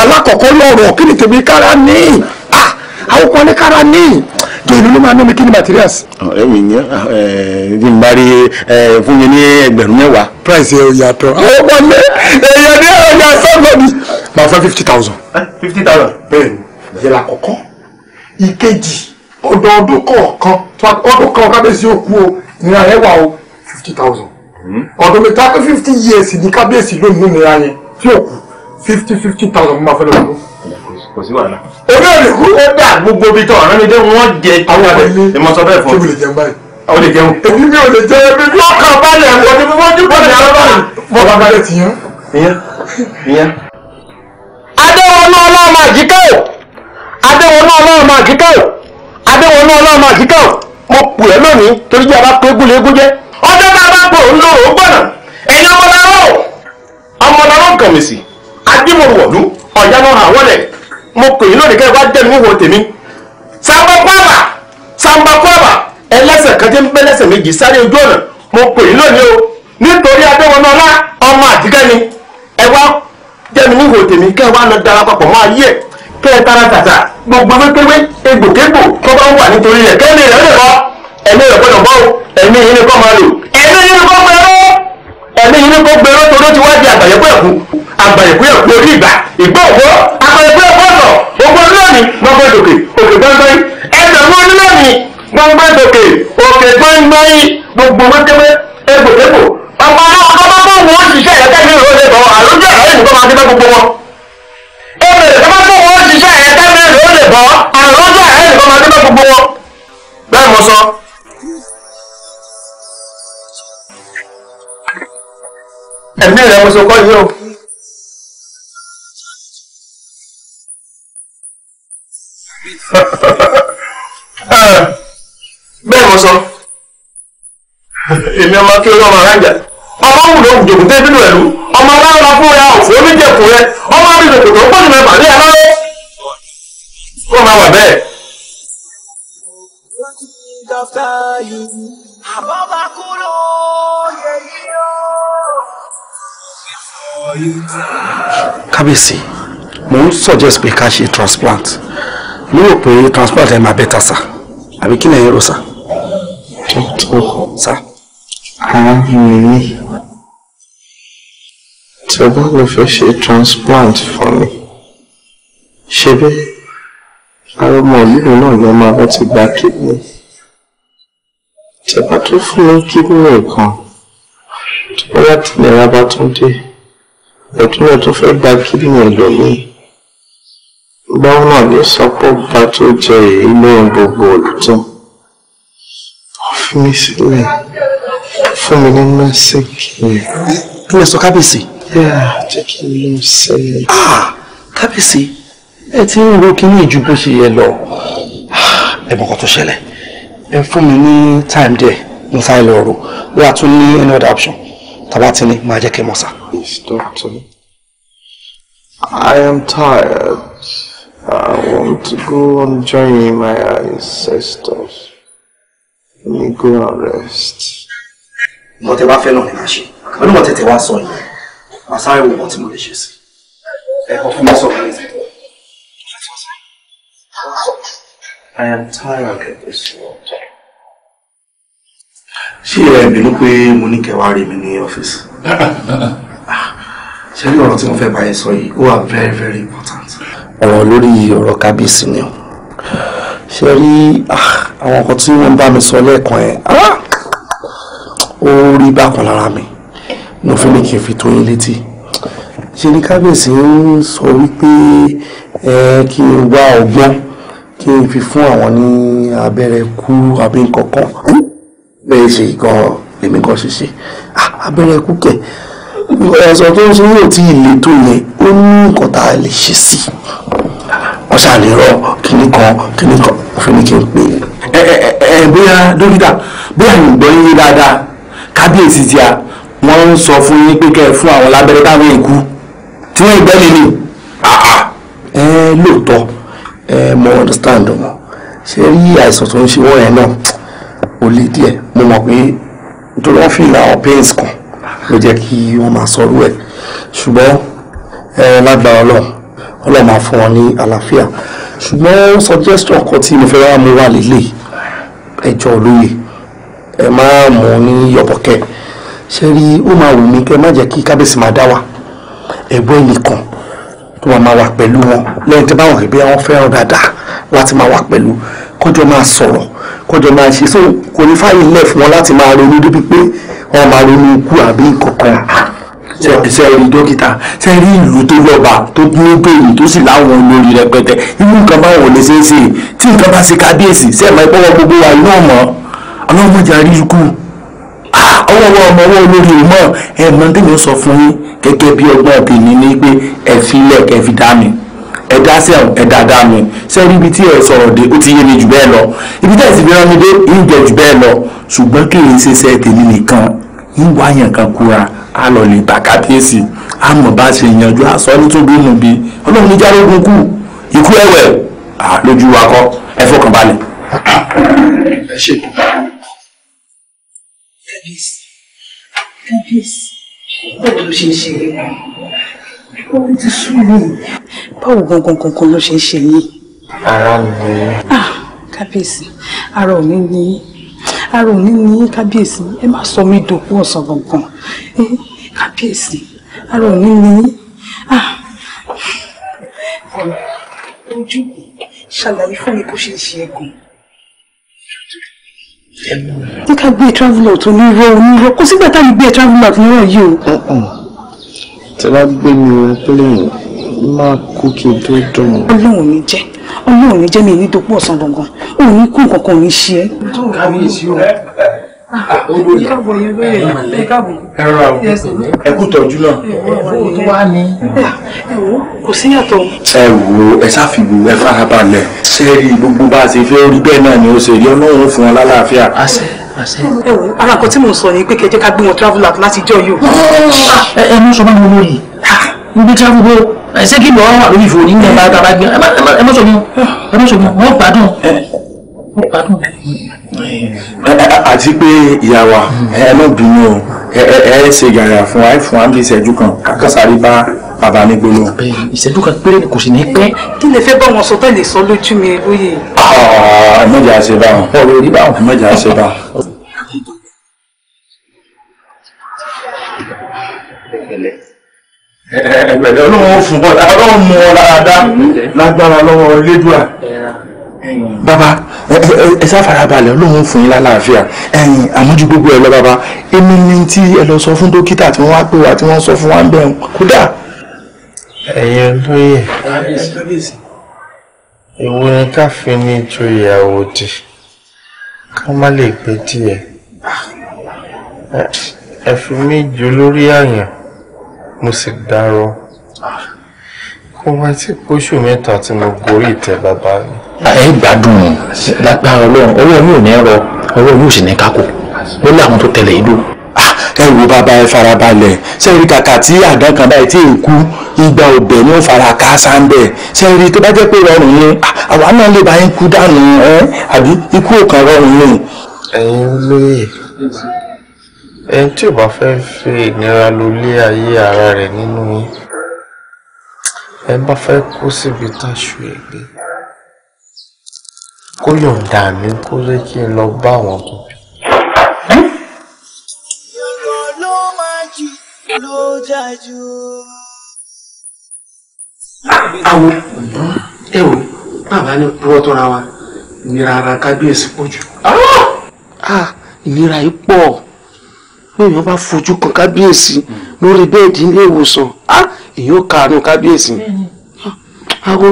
alákọ̀ọ́kọ́ lọ́rọ̀ kí ni tèmi kára ní ah, àwọn kan ní kára ní jẹ́ni ló máa ná mi kí ni materials. Ah, ẹ̀mí ni ẹ̀ eh, ń eh, bá rí eh, fún mi ní ẹgbẹ̀rún mẹ́wàá. price ẹ̀ ò yàtọ̀ àwọn kan ní èèyàn ní ọ̀yà sọ́gbọ̀dì máa fẹ́ fifty thousand. fifty thousand. bẹ́ẹ̀ ni yẹlẹ àkọ́kọ́ ìkejì ọdọọdún kọ̀ọ̀kan ọdún kan kábíyèsí òkú o ìnira yẹn wà o fifty thousand. Hmm? ọdún mi táwọn fifty years ní kábíyèsí lónìí ìnira yẹn tí òkú fifty fifty thousand Ma fẹ́ lọ́dún. kò sí wàhálà. orí èrè kú ó dà gbogbo bíi tán ọ̀rẹ́ mi dé wọ́n jẹ àwọn ọ̀rẹ́ mi ìmọ̀sọ bẹ́ẹ̀ fún mi. kí mi lè jẹun báyìí. àwọn lè jẹun. èmi mi ò lè jẹ ọkàn balẹ̀ wọ adéwọnú ọlọ́ọ̀mà àjíkẹ́ ò adéwọnú ọlọ́ọ̀mà àjíkẹ́ ò adéwọnú ọlọ́ọ̀mà àjíkẹ́ ò mo pù ẹ́ lónìí torí jẹ́ abá pé gúlégún jẹ́ ọjọ́ bá bá pò ń lò ó gbọ̀nà ẹ̀yin ọmọláró ọmọláró kàmìsì adémọ̀wọ̀lú ọ̀yánú àwọ̀lẹ̀ mo pè yín lónìí kẹ́ ẹ wá dẹ́nu wò tèmi sambakwaba sambakwaba ẹlẹ́sẹ̀ kan tí ń bẹ́ lẹ́sẹ̀ méjì sáré ojú ọ̀nà mo pè yín lónìí o nítorí adéwọnú ọlá ọmọ àjíkẹ́ ni ẹ wá jẹ́mi ní ìhò tèmi kẹ́ ẹ wá lọ darapọ̀ pọ̀ mọ́ ayé ẹ̀ kẹ́ ẹ tara tàtà gbogbo wékéwé egbòkégbò tó bá wà nítorí rẹ̀ kẹ́mi rẹ̀ lè bọ́ ẹ̀mí rẹ̀ gbọ́dọ̀ bọ́ ẹ̀mí yìí ni kọ́ máa lò ẹ̀mí yìí ni kọ́ gbẹ̀rọ ẹ̀mí yìí ni kọ́ gbẹ̀rọ torí ti wá di àgbàyẹ̀kú ẹ̀kú àgbàyẹ̀kú ẹ̀kú orí ìgbà ìgbà òwò àgbàyẹ̀kú ẹ̀kú ọ̀sọ̀ gbogbo lónìí gbogbo òkè òkè gbọ́ngbọ́n ẹgbẹ̀rún onílẹ̀mí gbọ́ngbọ́n òkè òkè gbọ́ngbọ́n gbogbo wékéwé egbòkégbò ọ̀pọ̀ náà gbogbo wọn ṣiṣẹ́ yẹn tẹ́lẹ̀ ìró bọ̀ àlójú ẹ̀rọ yìí máa ti bẹ́ gbogbo wọn. èmi ìfẹ́ bá gbogbo wọn ṣiṣẹ́ yẹn tẹ́lẹ̀ ìró bọ̀ àlójú ẹ̀rọ yìí máa ti bẹ́ gbogbo wọn. bẹ́ẹ̀ mo sọ. ẹ̀mí rẹ̀ mo sọ kọ́ yìí o. bẹ́ẹ̀ mo sọ èmi ọmọ kí ló máa ọlọ́run ló ń jòkó tẹ́ bínú ẹ̀lú ọmọ aláwọ̀ fún ya òfò oníjẹ̀kù rẹ ọmọ mi lòkè tó pọ̀ nílẹ̀ màlẹ́ aláwọ̀ kó máa wà bẹ́ẹ̀. kábíyèsí mo ń suggest pé ká ṣe transplant mo rò pé transplant ẹ̀ máa bẹ́ẹ̀ ta sá àbí kí lẹ́yìn rò sá. sá arábìnrin mi tí o bá lè fẹ́ ṣe transplant fún mi ṣe bí àwọn ọmọ ìlú náà lọ máa bá ti gba kídìní tí o bá tó fún mi kídìní kan tó bá láti nira bá tún dé ẹ̀tún náà tó fẹ́ gba kídìní ẹlòmíì báwo náà lè sọ pé ọba tó jẹ èyí lóhun gbogbo olùtọ́ fi mí sílẹ̀ fún mi ní mẹ́sẹ̀gì. ilé sọ kábíyèsí. jẹ́ kí n lọ sẹ́yìn. Ah, kábíyèsí ẹ ti ń ro kíní ìjú bó ṣe yẹ lọ. Ah, ẹ mọ̀ kó tó ṣẹlẹ̀ time díẹ̀ mo sáré lọ rò wọ́n á tún ní any other option tàbá ti ní máa jẹ́ doctor I am tired. I want to go on joining my ancestors. Let me go and rest nǹkan tẹ bá fẹ́ náà ni màá ṣe pẹ̀lú nǹkan tẹ̀tẹ̀ wá sọ yìí màá sáré wo nǹkan mo lè ṣe sí ẹ kọ fún mi sọ fún mi. I am tired of this world. Ṣé ẹ bínú pé mo ní kẹwàá rí mi ní ọ́fíìsì? Ṣé ní ọ̀rọ̀ tí mo fẹ́ bá yẹn sọ yìí? Ó wà very very important. Ọ̀rọ̀ lórí ọ̀rọ̀ kábíyèsí ni Ṣé rí ah, àwọn nǹkan tí wọ́n bá mi sọ lẹ́ẹ̀kan ẹ̀? Ah! ó rí bákan lára mi mo fi ní kí n fi tó yín létí ṣe ni kábíyèsí ń sọ wípé ẹ kí n wá ọgbọ́n kí n fi fún àwọn ní abẹ́rẹ́ kú àbí nǹkankan bẹ́ẹ̀ ṣe gan èmi kan ṣe ṣe abẹ́rẹ́ kú kẹ̀ ẹ̀sọ̀ tó ń ṣe yóò tí ì le tó yẹn ó ní nǹkan tá a lè ṣe sí wọ́n ṣàlè rọ kíní kan kíní kan fún mi kí n pè é. ẹ ẹ ẹ bóyá dókítà bóyá ìgbọ́ yín dáadáa kábíyèsí tí a wọ́n ń sọ fún yín pé kẹ́ ẹ fún àwọn lábẹ́rẹ́ táwọn èkú tí wọ́n gbẹ́ mi ni. ẹ lóòótọ́ ẹ mo understand wọn ṣe rí àìsàn tó ń ṣe wọ́n yẹn náà ó lé díẹ̀ mo mọ̀ pé nítorí wọ́n fi ìlà àwọn pains kan ló jẹ́ kí wọ́n máa sọ ọ́ ẹ̀ ṣùgbọ́n ẹ lágbára ọlọ́run ọlọ́run máa fún wọn ní àlàáfíà ṣùgbọ́n suggestion kan tí mo fẹ́ wá mú wà lélẹ̀ ẹjọ́ olóye ẹ má mú ní yọ̀bọ̀kẹ́ ṣe rí ó máa wù mí kẹ́ má jẹ́ kí kábíyèsí máa dá wa ẹ̀gbọ́n ẹnìkan tó máa máa wà pẹ̀lú wọn lẹ́yìn tí báwọn ẹgbẹ́ wọn fẹ́ràn dáadáa láti máa wà pẹ̀lú kọjọ máa sọ̀rọ̀ kọjọ máa ṣe so kò ní fàyè lẹ̀ fún wọn láti máa ronú débi pé wọn máa ronú ikú àbí nǹkan kan ṣe rí dókítà ṣe rí ìlú tó lọ́ba tó dúró bèèrè tó sì láwọn olórí rẹpẹtẹ inú nǹkan báwọn ò lè ṣeé ṣe tí nǹkan bá ṣe kábíyèsí ṣe é máa gbọ́wọ́ gbogbo wa iná mọ́ ọlọ́mọdé àríyíkú ọwọ́wọ́ ọmọ ọwọ́ olórí ìmọ̀ ẹ mọ tẹ́mi sọ fún yín gẹ́gẹ́ bí ọgbọ́n tèmi ní pé ẹ filẹ̀ kẹ́ fi dá mi ẹ dá sẹ́wọ̀n ẹ dá dá mi sẹ́wọ́n ibi tí ẹ sọ̀rọ̀ dé ó ti yé mi jù bẹ́ẹ̀ lọ ibi tí ẹ sì fi rán mi dé ń jẹ jù bẹ́ẹ̀ lọ ṣùgbọ́n kí n ṣe sẹ́ tèmi nìkan ń wá yàn kan kúra á lọ lè bà kábíyèsí á mọ̀ bá ṣe yanjú àṣọ nítorí inú bí ọlọ́run níjà lógun kù ikú ẹ̀wẹ̀ lójú wa kọ́ ẹ fọkànbalẹ̀. ẹ ṣe kábíyèsí kábíyèsí báwo ló ṣe ń ṣe yìí báwo ti sún mi báwo gangan gangan ló ṣe ń ṣe yìí. ara mi. ah kábíyèsí ara ò ní ní ara ò ní ní kábíyèsí ẹ má sọ mí dòkú ọ̀sán gangan kábíyèsí ara ò ní ní ah. ojú ṣàlàyé fún mi bó ṣe ń ṣe ẹ̀gùn ní ká gbé travel out onírọ́ onírọ́ kò sígbà tá a lè gbé travel out onírọ́ yìí o. tí wọ́n gbé mi wọn pílẹ̀nì máa kú kí n tó dùn. ọlọ́run mi jẹ́ ọlọ́run mi jẹ́ mi ní dopò ọ̀sán gangan òun ní kú nǹkan kan ò ní ṣe é. kábíyèsí o ẹkú tọ́jú náà kò sí yàtọ̀. ẹ wo ẹ ṣàfihàn ẹ farabalẹ̀ ṣe rí gbogbo bá a ṣe fẹ́ rí bẹ́ẹ̀ náà ni ó ṣe rí ọlọ́run fún wọn lálàáfíà. ẹ wo ara kan tí mò ń sọ ni pé kẹjẹ ká gbé wọn travel out láti jọ yìí o. ẹ ẹ mú sọ bá mi lóye gbogbo tí a gbogbo ẹ ṣé kí lọ́ọ́ wà lórí ìfòrí ní ẹ bá gbé ẹ má sọ mi ẹ má sọ mi wọ́n gbádùn àti pé ìyá wa ẹ ló bínú o ẹ ṣe gàrà fún wa ẹ fún wa ní ìṣẹ́jú kan kákàsáré bá bàbá mi gbóná. ìṣẹ́jú kan péré ni kò sì ní pẹ́. kí lè fẹ́ bá wọn sọ tẹ́lẹ̀ sọ lójú mi lóye. ẹ mọ̀jà ṣe bá wọn ọ̀rọ̀ orí bá wọn ẹ mọ̀jà ṣe bá wọn. ẹ̀ẹ́dẹ̀ ọlọ́run fún bọ́lá ọlọ́run mú ọ dáadáa lágbára lọ́wọ́ lẹ́dùá. Baba, ẹ ṣàfarabalẹ̀ ọlọ́run fún yín lálàáfíà ẹ̀yìn àmójú gbogbo ẹ̀ lọ baba, èmi ni tí ẹ lọ sọ fún dókítà tí wọ́n wá pè wá tí wọ́n sọ fún wa ń bẹ̀rù kódà. ẹ̀yẹ lóye ìwọ ni ká fi ní ju ìyàwó dì ká má lè pé díẹ̀ ẹ fi mí jù lórí àyàn mo sì dárò kó má ti pósù mẹ́ta tí mo gorí ìtẹ́ bàbá mi. ẹ gbádùn lágbára ọlọ́run ọwọ́ mi ò ní rọ ọwọ́ mi ò sì ní kákò ó ní àwọn tó tẹ̀lé ìlú. Ah, ẹ wo bàbá ẹ farabalẹ̀ sẹ́ẹ̀rí kàkà tí àdán kan báyìí tí èkú ìgbà ọ̀bẹ ni ó fara ká sáńbẹ̀ sẹ́ẹ̀rí tó bá jẹ́ pé rọrùn ni ah, àwa náà lè bá yín kú dànù ẹ àbí ikú òkan rọrùn ni. ẹ̀yin olóyè ẹni tí ò bá fẹ́ fi ìnira lólé ayé ara rẹ̀ nínú yín ẹ bá fẹ́ kó síbi táṣù ẹgbẹ́ kó yọ̀ǹda mi kó lè kí n lọ bá àwọn tó tó ra wa ìnira ara kábíyèsí pọ̀ jù. Ah, ìnira yìí pọ̀ pé èèyàn bá fojú kan kábíyèsí. Mm lórí bẹ́ẹ̀dì ilé ìwòsàn ah, èyí ó kàánú kábíyèsí ah, awo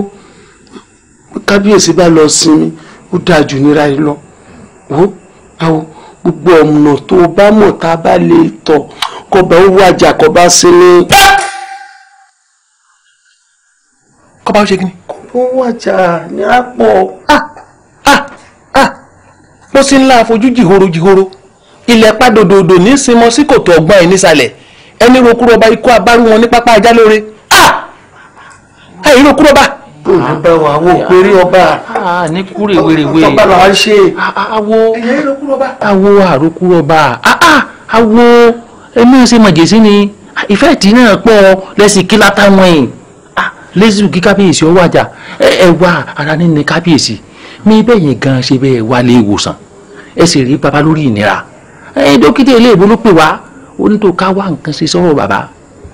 kábíyèsí bá lọ sinmi ó dáa jù nira yìí lọ wo awo gbogbo ọ̀nà tó o bá mọ̀ tá a bá lè tọ̀ kọba ó wájà kọba sinmi. kọba ó ṣe kí ni. kọba ó wájà ní àpọ̀. bó ah, sì ń la àfojújì horojìhoro ilẹ̀ pàdòdòdò ní sinmọ́ sí kòtò ọgbọ́n ẹ̀ nísàlẹ̀ ẹni rokúrò ọba ikú abárú wọn ní pápá ajá lóore àì rokúrò ọba. àbá wa àwọn òpèrè ọba ní kúrè wèrèwè ọba làwọn ṣe àwo àwo àrokúrò ọba àwo ẹni ṣe màjèsí ni ìfẹ́ ìtì náà pọ̀ lẹ́sìn kí látàwọn ẹ̀ lẹ́sìn kí kábíyèsí ọwọ́ àjà ẹ wá ara nínú kábíyèsí mi bẹ́ẹ̀ yẹn gan ṣe bẹ́ẹ̀ wá lé ìwòsàn ẹ sì rí baba lórí ìnira ẹ dókítà ilé ìbò pè wá ó ní tó ká wá nǹkan ṣe sọ̀rọ̀ bàbá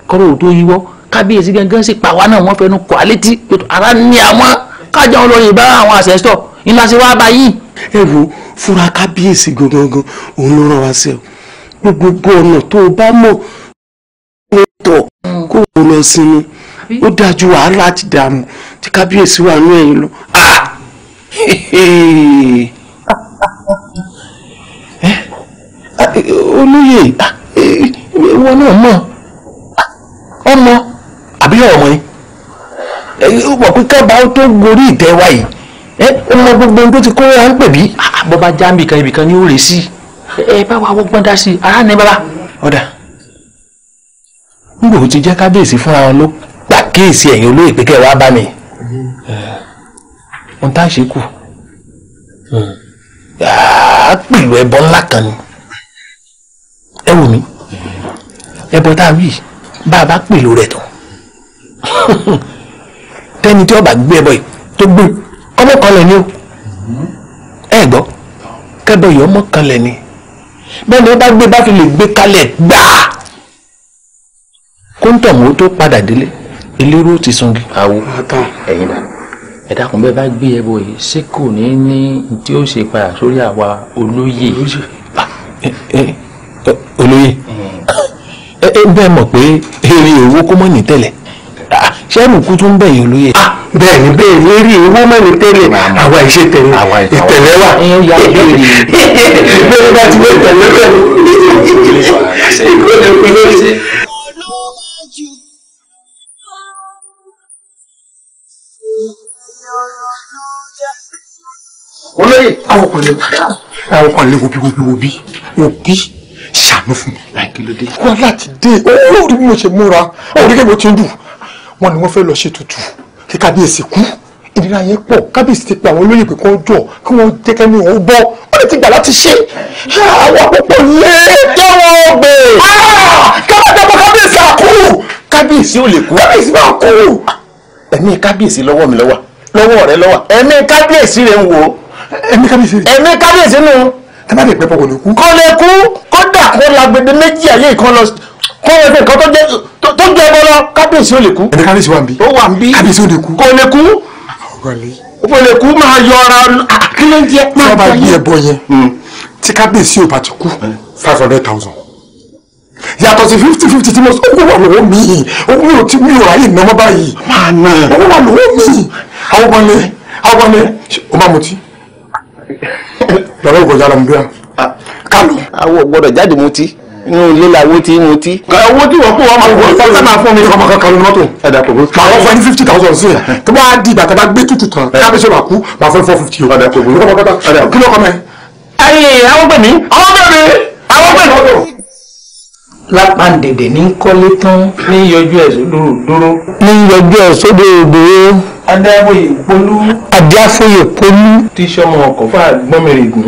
kọ́rọ̀ ò tó yíwọ́ kábíyèsí gangan sì pàwá náà wọ́n fẹnu kọ́ àlétí ara ní àwọn kájà wọn lọ yìnbọn àwọn àṣẹṣọ ńlá sí wàá báyìí. ẹ wo fúra kábíyèsí gangan òun ló rán wa sí ọ gbogbo ọ̀nà tó o bá mọ̀ ní tọ̀ hmm. kó o lọ sinmi ó dájú wàhálà ti dààmú tí kábíyèsí wà ní ẹ̀yìn lọ. Ah! Eh? Ah, eh, olóyè ah ìwọ náà mọ̀ ọmọ àbí ọmọ ni ó mọ̀ pé kábà tó gorí wa yìí ó mọ gbogbo ohun ti kó ra pè bí. Ah, ah, bó bá já ni ó rè sí ẹ bá wa wọ́gbọ́n i ara bàbá. ọ̀dà ti jẹ́ kábíyèsí fúnra wọn ló ẹ̀yìn olóyè bá mi a ṣe kù hmm. pèlú ẹbọ ńlá ẹ wò mí ẹbọ tá a wí bá a bá pèlò rẹ̀ tán tẹ́ni tí ọba gbé ẹbọ yìí tó gbé kọ́mọ́ kan lẹ̀ ni o ẹ gbọ́ kẹ́bọ yìí ọmọ kan lẹ̀ ni bẹ́ẹ̀ ni wọ́n bá gbé bá fi lè gbé kalẹ̀ gbàá kóńtọ̀mù tó padà délé eléró ti sangi. àwo ẹ̀yin dà ẹ dákun bẹ́ẹ̀ bá gbé ẹbọ yìí ṣé kò ní ní tí ó ṣe padà sórí àwa olóyè olóyè mm-hmm. ẹ bẹ́ẹ̀ mọ̀ pé èrè owó kó mọ̀ ní tẹ́lẹ̀ sẹ́ẹ̀mù kú tún bẹ̀ yìí olóyè. Ah, bẹ́ẹ̀ ni bẹ́ẹ̀ ni eré owó mọ̀ ní tẹ́lẹ̀ àwa ìṣe tẹ̀lé ìtẹ̀lẹ́ wa bẹ́ẹ̀ bá ti wọ́n tẹ̀lé bẹ́ẹ̀ ìkọ́lẹ̀ pẹ̀lú. olóyè àwọn kan lè àwọn kan lè wòbí wòbí wòbí ṣàánú fún mi. kí ló dé. wọn láti dé olórí bí mo ṣe múra orí kẹ́mi ó ti ń dùn wọn ni wọ́n fẹ́ lọ ṣètùtù kí kábíyèsí kú ìnira yẹn pọ̀ kábíyèsí ti pe àwọn olóyè pé kó jọ kí wọ́n jẹ́ kẹ́mi ò bọ́ wọ́n lè ti gbà láti ṣe àwọn àpòpọ̀ lé jẹ́wọ́ gbè. kábàdàbọ̀ kábíyèsí àkú. kábíyèsí ò lè kú. kábíyèsí máa kú. ẹ̀mí kábíyèsí lọ́wọ́ mi lọ́wọ́ lọ́wọ́ rẹ lọ́wọ́ ẹ̀mí kábíyèsí rẹ̀ ń wò. ẹ̀mí kábíyèsí. ẹ̀mí kábíyèsí nù. tábàdì pẹ́pọ̀ kò lè kú. kò lè kú kó lágbèdè méjì ayé ìkan lọ kó lọ sí nǹkan tó jẹ tó jẹ bọ́ lọ kábíyèsí ò lè kú. ẹ̀dẹ̀ kábíyèsí wà ń bí. ó wà ń bí. kábíyèsí ò lè kú. kò lè kú. kò lè kú máa yọ ara kí ló ń jẹ. tí bá gbé ẹbọ yẹn hmm. tí kábíyèsí ò bá ti kú hmm. five hundred thousand yàtọ̀ sí fifty fifty tí mo sọ owó wà lọ́wọ́ mi owó mi ò tí mi ò ráyè náwó báyìí owó wà lọ́wọ́ mi àwọn ọmọ ni àwọn ọmọ ni o máa mutí lọ́wọ́ ìkọjá lọ́mọdé wa kánú. àwọn gbọ́dọ̀ jáde mutí inú ilé làwọn ti mutí. owó tí wọ́n kó wọn máa wọ fẹ́ẹ́ máa fún mi ọmọ kankan ní mọ́tò. ẹ dà pọ̀ bó. màá wọ́n fún ẹni fifty thousand sí ẹ̀ tó bá di ìgbà tó bá gbé tutù tán kí abẹ́sẹ̀ bá kú màá fún ẹ four fifty o. ẹ dà pọ̀ bó. kí ló kọ́ mẹ́. ẹyìn àwọn gbẹ̀mí àwọn gbẹ̀mí àwọn gbẹ̀mí lápàǹdèdè ní kọ́lé tán ní yọjú ẹ̀ sódòdó dúró. ní yọjú ẹ̀ sódòdó dúró. adáwòye polú. adáfòye polú. tíṣọmọ ọkọ̀ fà gbọ́mìrìgún.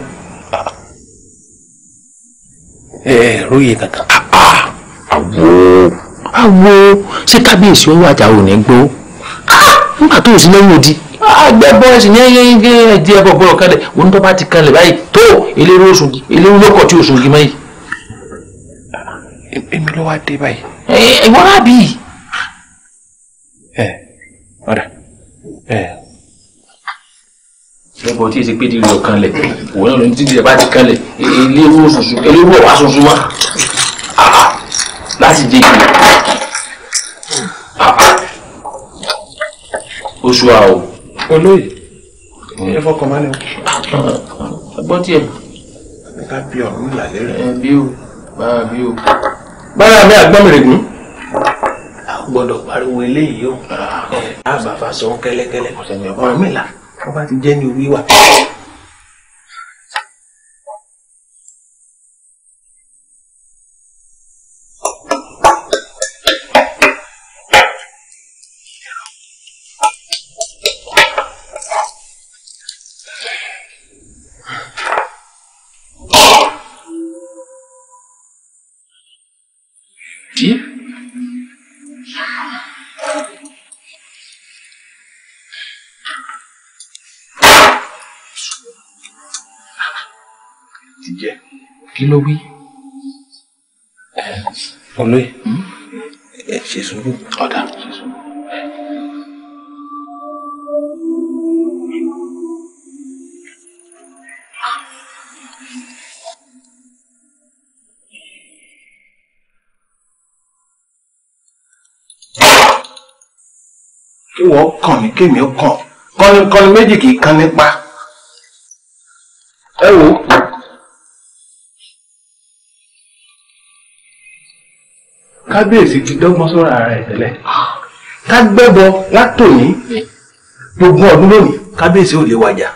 ẹ róye kankan. Ah, ah, àwo àwo ṣé kábíyèsí ọwọ́ àjàwò ní gbó ah, nígbà tó o sì lẹ́yìn odi. àgbẹ̀bọ ẹ̀sìn yẹn yẹn yẹn ẹ̀dí ẹ̀bọ̀ bọ̀rọ̀ kalẹ̀ wọn tó bá ti kalẹ̀ báyìí tó eléré oṣù eléré lọ́kọ̀ tí oṣù yìí mẹ́yì. èmi ló wá dé báyìí. ẹ ẹ wọ́n á bì í. ẹ ọ̀dà ẹ ẹbọ tí èsì pé di rẹ ọkan lẹ òun náà ló ní títí hmm. ẹ bá ti kan lẹ ilé owó sunsun ilé owó ọwá sunsun wá láti dé ìlú oṣù àwọ. olóyè ẹ fọkàn máa ní o. ẹ̀gbọ́n tiẹ̀. ẹ ká bí ọ̀run ìlàlẹ́ rẹ̀. ẹ bí o bára bí o. bára mi àgbọ́n mi rè gùn a gbọ́dọ̀ pariwo eléyìí o. Ah. a bàbá sọ kẹ́lẹ́kẹ́lẹ́ ọ̀rọ̀ mi là tó bá ti jẹ́ ní orí wà kí ló wí. olóyè hmm? ẹ ṣe sùúrù. ọ̀dà kí wọ́n kàn ní kémi ó kàn kọ́ni kọ́ni méjì kì í kan nípa. ẹ wò ó kábíyèsí ti dọ́gbọ́n sọ́ra ara ẹ̀ tẹ́lẹ̀ ká gbẹ́bọ látòní gbogbo ọdún lónìí kábíyèsí ò lè wájà.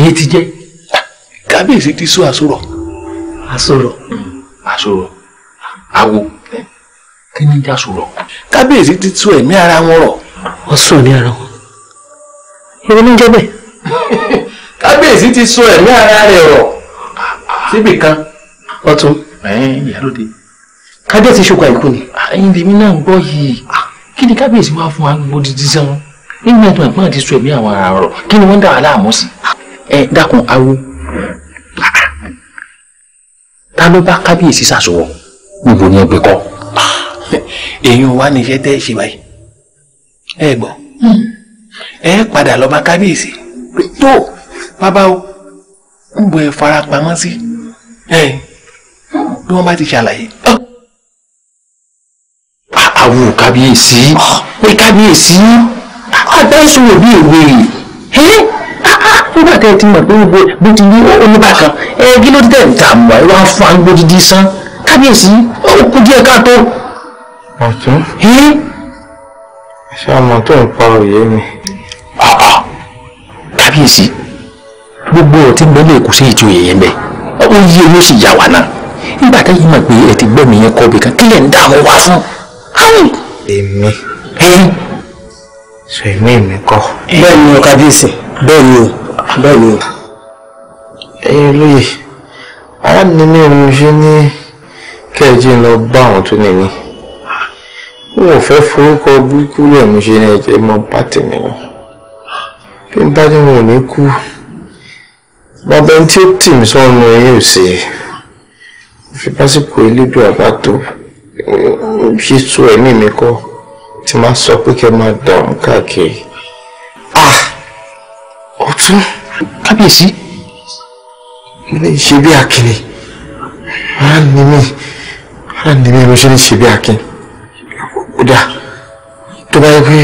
èyí ti jẹ́ kábíyèsí ti sọ àsọ̀rọ̀. àsọ̀rọ̀. àsọ̀rọ̀ àwo kí ni já sọ̀rọ̀ kábíyèsí ti sọ ẹ̀mí ara wọn rọ̀. wọ́n sọ ní ara wọn. èmi ní jẹ́ bẹ́ẹ̀. kábíyèsí ti sọ ẹ̀mí ara rẹ̀ rọ̀ síbìkan. ọ̀tún ìyálóde. kábíyèsí ṣokò àìkú ni. ẹ̀yin lèmi náà ń gbọ́ yìí kí ni kábíyèsí wá fún wa gbogbo dídí sẹ́wọ̀n nígbà tí wọn pọ́n ti sọ ẹ̀mí àwọn ará rọ̀ kí ni wọ́n ń dà wá láàmú sí. ẹ dákun awo ta ló bá kábíyèsí ṣàṣọwọ́ gbogbo ni ẹgbẹ́ kọ́. èèyàn wa ni iṣẹ́ tẹ́ ẹ ṣe báyìí ẹ gbọ́ hmm. ẹ padà lọ bá kábíyèsí tó bàbá o ń bọ ẹ fara pamọ́ sí bí wọ́n bá ti ṣàlàyé. àwọn kábíyèsí pé kábíyèsí àdáṣòwò bí èwe nígbà tẹ́ ẹ ti mọ̀ pé gbogbo bó ti ní oníbàkan ẹ kí ló tẹ̀ ń ta àmọ́ ẹ wá fún àgbo dídí sán kábíyèsí ó kú díẹ̀ káàtó. ọ̀tún ṣé ọmọ tó ń pa òye mi. kábíyèsí gbogbo ọtí gbẹ́lẹ̀ kò sí ìtòyè yẹn bẹ́ẹ̀ ó yí ewé sì yà wá náà nígbà tá yìí mọ̀ pé ẹ ti gbẹ́mìí yẹn kọ́ bìkan kí lẹ̀ ń dá àwọn wá fún. èmi sọ èmi mi kọ́. bẹ́ẹ̀ ni o kábíyèsí bẹ́ẹ̀ ni o bẹ́ẹ̀ ni o. ẹyin lóye arábìnrin ní irun ṣe ní kẹ́ẹ̀jì ń lọ bá àwọn tó ní ní. wọn ò fẹ́ forúkọ burúkú rẹ̀ mi ṣe ní ẹ̀jẹ̀ mọ́ pàtẹ́ mi lọ. bí n bá ní wọn ò ní kú bàbá tí ó tì mí sọ́nù ẹ̀yìn ò sí i fi pásíkò elédò àbátò ṣe tú ẹ̀mí mi kọ́ tí máa sọ pé kẹ́ máa dàrún káàkiri. Ah! ọ̀tún kábíyèsí lè ṣe bí akínni ara ni mí ara ni mí mo ṣe ní ṣe bí akín kódà tó bá yẹ pé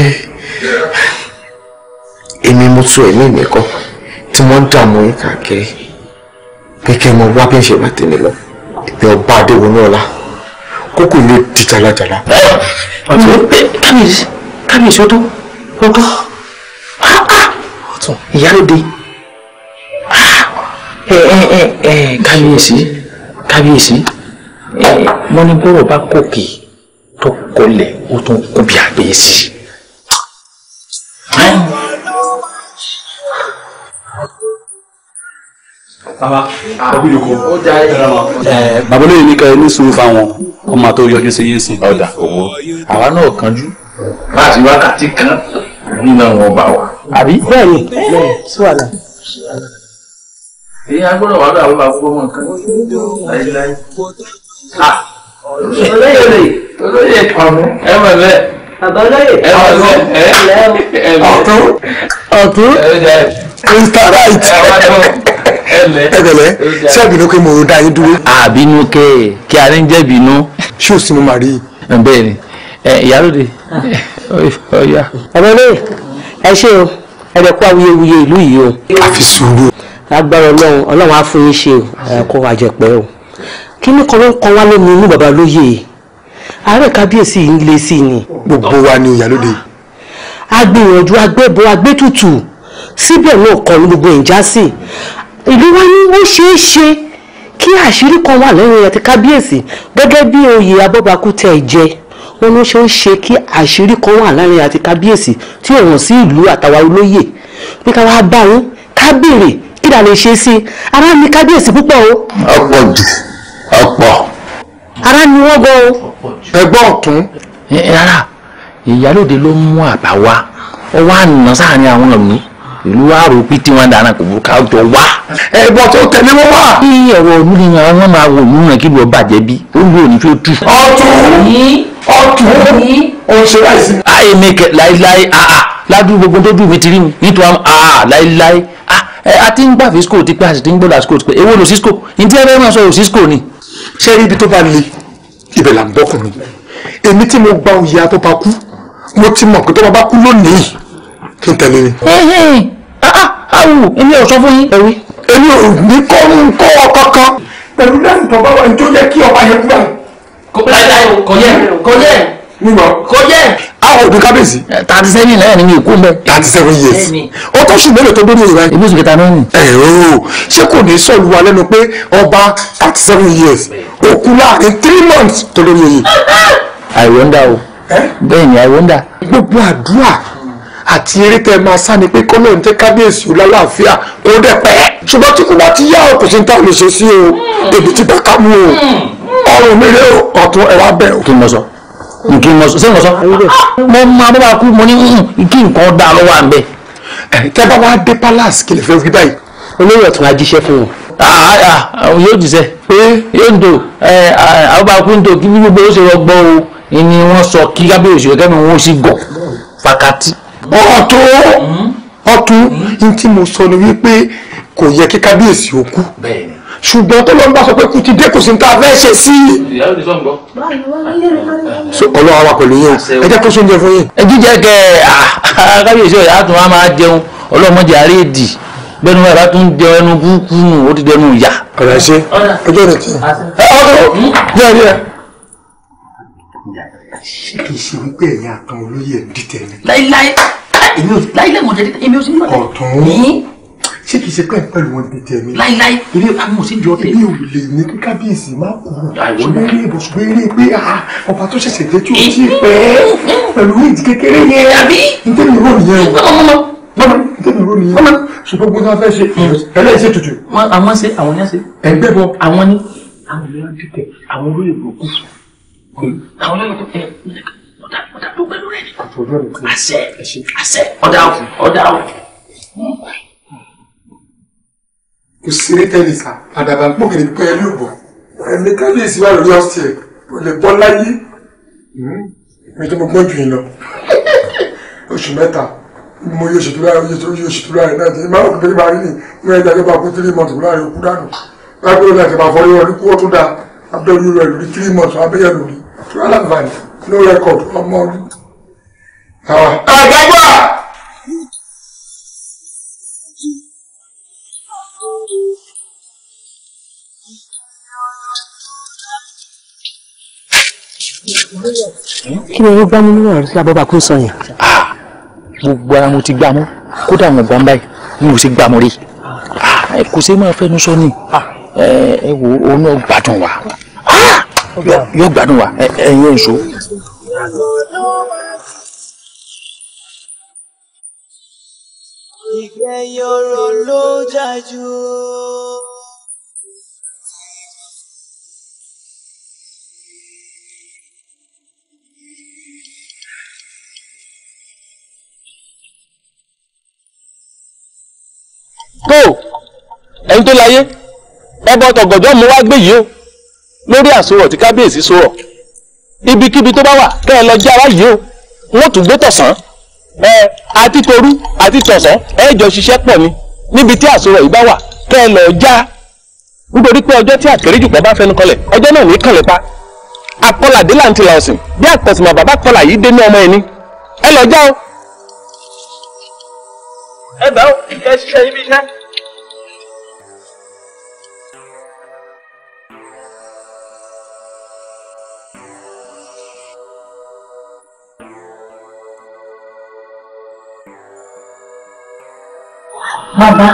èmi mo tú ẹ̀mí mi kọ́ tí wọ́n dààmú yín káàkiri pé kẹ́ mo wá bí ń ṣe lọ ìpè ọba adéwọnú ọlá kókò ló di jalajala. kábíyèsí kábíyèsí ó tó ó tó ìyálóde kábíyèsí kábíyèsí wọ́n ní bọ́rọ̀ bá gòkè tó kọlẹ̀ ó tún kó bí àgbèsí. baba ọbí ah, yòókù bàbá olóyè ní kẹrin ní sùúrù fáwọn ọmọ àti oyọjú sí yéé sìn. ọ̀dà owó àwa náà kanjú láti wákàtí kan nínú wọn bá wa. àbí bẹ́ẹ̀ ni sùwàlà. èyí agbọ́dọ̀ wà lóyún àwọn bàbá gbogbo nǹkan láyéláyé. Ah, olóyè rè olóyè kànú ẹ mọ̀ bẹ́ẹ̀. bàbá olóyè kànú ẹ mọ̀ bẹ́ẹ̀. ọ̀tún ọ̀tún instant right ẹgbẹ̀lẹ́ sí àbínú pé mo dá yín dúró. àbínú kẹ kí a ní jẹ́ bínú. ṣé o sinú màrí. bẹ́ẹ̀ ni ìyálòde ọ̀ya. Ah. ọ̀bẹ̀lẹ̀ ẹ ṣe o ẹ lè kó awuyewuye ìlú yìí o. a fi sùúrù. agbára ọlọ́run ọlọ́run á fún yín ṣe o kó wa jẹ pẹ́ o. kí ni kan ló ń kan wá lómi inú bàbá lóye ààrẹ kábíyèsí yìí ń le sí i ni. gbogbo wa ni ìyálòde. agbìyànjú agbébọ agbétutù síbẹ̀ náà kọ́ ní gbogbo ìjásí ìlú wa ní ó ṣeé ṣe kí àṣírí kan wà lẹ́yìn àti kábíyèsí gẹ́gẹ́ bí oyè abọ́bakú tẹ̀ jẹ wọn ló ṣe ń ṣe kí àṣírí kan wà lẹ́yìn àti kábíyèsí tí ò hàn sí ìlú àtàwa olóyè pé ká wá bá yín ká béèrè kí dà lè ṣe sí i ara ní kábíyèsí púpọ̀ o. ọ̀pọ̀ jù ọ̀pọ̀. ara ni wọ́n gan o. ẹgbọ́n ọ̀tún. rárá ìyálòde ló mú àbá wa ó wá nà sáàárín àwọn ọ̀nì ìlú wa rò pé tí wọ́n dáná kò burú ká jọ wá. ẹ bọ́ tó tẹ̀lé wọn wá. ní ọ̀rọ̀ ọdún ni àwọn máa wò nínú rẹ̀ kí ló bàjẹ́ bí ó ń lò ní tó tù. ọtún ọtún oṣù láìsí. láì mẹkẹ láíláí àà ládùú gbogbo tó dùn mí ti rí mi nítorí àà láíláí a ti ń gbà fi school ti pé a sì ti ń gbọ́dọ̀ school ti pé èwo lò sí school ní tí ẹ bẹ́ẹ̀ máa sọ òsì school ni. ṣé ibi tó bá le ibẹ̀ là ń bọ́kùnrin èmi tí mo gba òye àtọ́ba mo ti mọ̀ pé tó bá bá kú lónìí kí n tẹ̀lé ni. Ah, ah, awo èmi ò sọ fún yín. ẹ̀rí èmi ò ní kọ́ ń kọ́ ọ kankan. pẹ̀lú lẹ́yìn tó bá wà ní tó yẹ kí ọba yẹn gbà. kò yẹ kò yẹ nígbà kò yẹ. a ò bí kábíyèsí. Eh, thirty seven lẹ́yìn ni mi kú mbẹ. thirty seven years o tó sùn mélòó tó dórí ìrora yìí. ibi sùn kẹta náà nì. ẹ eh, o ṣé kò ní sọ̀rọ̀ wa lẹ́nu pé ọba thirty seven years ó kú láàrin three months tó lórí yìí. I wonder o eh? bẹ́ẹ̀ ni I wonder. gbogbo àdúrà àti eré tẹ máa sá ni pé kọ́lọ́run tẹ kábíyèsí o lálàáfíà kó dẹ̀ pẹ́. ṣùgbọ́n tí kò bá ti yá o kò sí ní táwọn èso sí o èbí hmm. ti bá ká mú o hmm. ọrùn mi rè o ọ̀tún ẹ̀rọ abẹ́ o. kí n mọ sọ kí n mọ sọ ṣé n mọ sọ. mo máa bá wa kú mo ní hmm, kí nǹkan dá lọ́wọ́ à ń bẹ̀. tẹ bá wa dé palace kí lè fẹ́ wí báyìí. olórí ọ̀tún á jíṣẹ́ fún wọn. Ah, ah, ah. yóò jíṣẹ́ yóò ń do àwọn bá kú ń do kí gbogbo ó ṣe rọgbọ o ni wọ́n sọ kí kábíyèsí rẹ̀ kẹ́mi wọ́n sì gọ̀ fàkàtì ọ̀tún hmm? ọ̀tún hmm? ní tí mo sọ ni wípé kò yẹ kí kábíyèsí ó kú ṣùgbọ́n tó ló ń bá sọ pé kú ti dé kò sí ní ta ṣe sí i. ọlọ́run pẹ̀lú yín o ẹ jẹ́ kó sóúnjẹ fún yín. ẹ jíjẹ kẹ kábíyèsí ọ̀yà tún wá máa jẹun ọlọ́mọdé àríyèdì bẹ́ẹ̀ ni wọ́n yàrá tún dẹ ẹnu búkú nù ó ti dẹnu ìyá. ọ̀rẹ́ ṣe ọjọ́ rẹ̀ ti. ọ̀rẹ́ ṣe kì í ṣe wípé ẹ̀yin àtàn olóyè ẹ̀ ń dìtẹ̀ ni. láíláí èmi ò láíláí mo jẹ dìtẹ̀ èmi ò sí ní ọ̀tẹ̀. ọ̀tún ṣé kì í ṣe pẹ́ẹ́n pẹ̀lú wọn dìtẹ̀ mi. láíláí èmi ò mọ̀ sí ní ọ̀tẹ̀. èmi ò lè ní kí kábíyèsí má kú ṣùgbọ́n eré ìbò ṣùgbọ́n eré pé ah, ọba tó ṣẹ̀ṣẹ̀ dé tí o ti pẹ́ pẹ̀lú ìdí kékeré yẹn. àbí ntẹ́mi rò nìyẹn o. ntẹ́mi rò nìyẹn o. ṣùgbọ́n gbogbo náà fẹ́ ṣe hmm. ẹlẹ́yìn ṣe tutù. àwọn ṣe àwọn ní ṣe. ẹgbẹ́ bọ. àwọn ní àwọn ní wọn dìtẹ̀ àwọn olóyè burúkú àwọn lẹ́nu kò tẹ ọ̀dà ọ̀dà tó pẹ̀lú rẹ̀ ni àṣẹ àṣẹ ọ̀dà ọ̀dà ọ̀dà. kò sèré tẹ́lẹ̀ sá àdàbà gbòkèrè pẹ̀lú ìbò ẹ̀mí kábíyèsí wà lórí ọ̀sẹ̀ kò lè bọ́ láyé mi tó mo gbọ́n jù yín lọ oṣù mẹ́ta mo yóò ṣètò láàrin oṣù tó yóò ṣètò láàrin náà tẹ̀lé máa ń pèlè máa rí ni ìwé ẹ̀dá ló bá kó tírí mọ̀tò láàrin òkú dànù báyìí pé ó lè tẹ̀ bá fọ́ yọ ọdún kó tó dáa abẹ́rẹ́ rẹ̀ lórí tírí mọ̀tò abẹ́yẹ lórí relevant no record ọmọ ọdún. àgbàgbà. kí ni ó gbá mú nínú ọ̀rọ̀ lábọ́ bá kó sọ yẹn. Ah, gbogbo ara mo ti gbá mú kódà wọn gbá ń báyìí mi ò sì gbá mú rí ah, kò sí máa fẹnu sọ ni ah, ẹ wo òun náà gbádùn wa yóò gbádùn wa ẹ̀yin èso. tó ẹ̀yin tó láyé ẹ bọ́ tọ̀gọ̀dọ̀ mú wá gbé yìí o lórí àsorọ̀ tí kábíyèsí sorọ̀ ibikíbi tó bá wà kẹ́ ẹ lọ jẹ́ aráyé o wọ́n tún gbé tọ̀sán ẹ àti torú àti tọ̀sán ẹ jọ ṣiṣẹ́ pọ̀ ni níbi tí àsorọ̀ yìí bá wà kẹ́ ẹ lọ já nítorí pé ọjọ́ tí àkéréjùpọ̀ bá fẹnu kọlẹ̀ ọjọ́ náà ní kànlẹ̀ pa àkọlàdé là ń tilà ọ̀sìn bí àtọ̀sìmọ̀ bàbá kọlà yìí dé ní ọmọ ẹni ẹ lọ já o. ẹ bá ẹ ṣiṣẹ́ ibi iṣẹ́. bàbá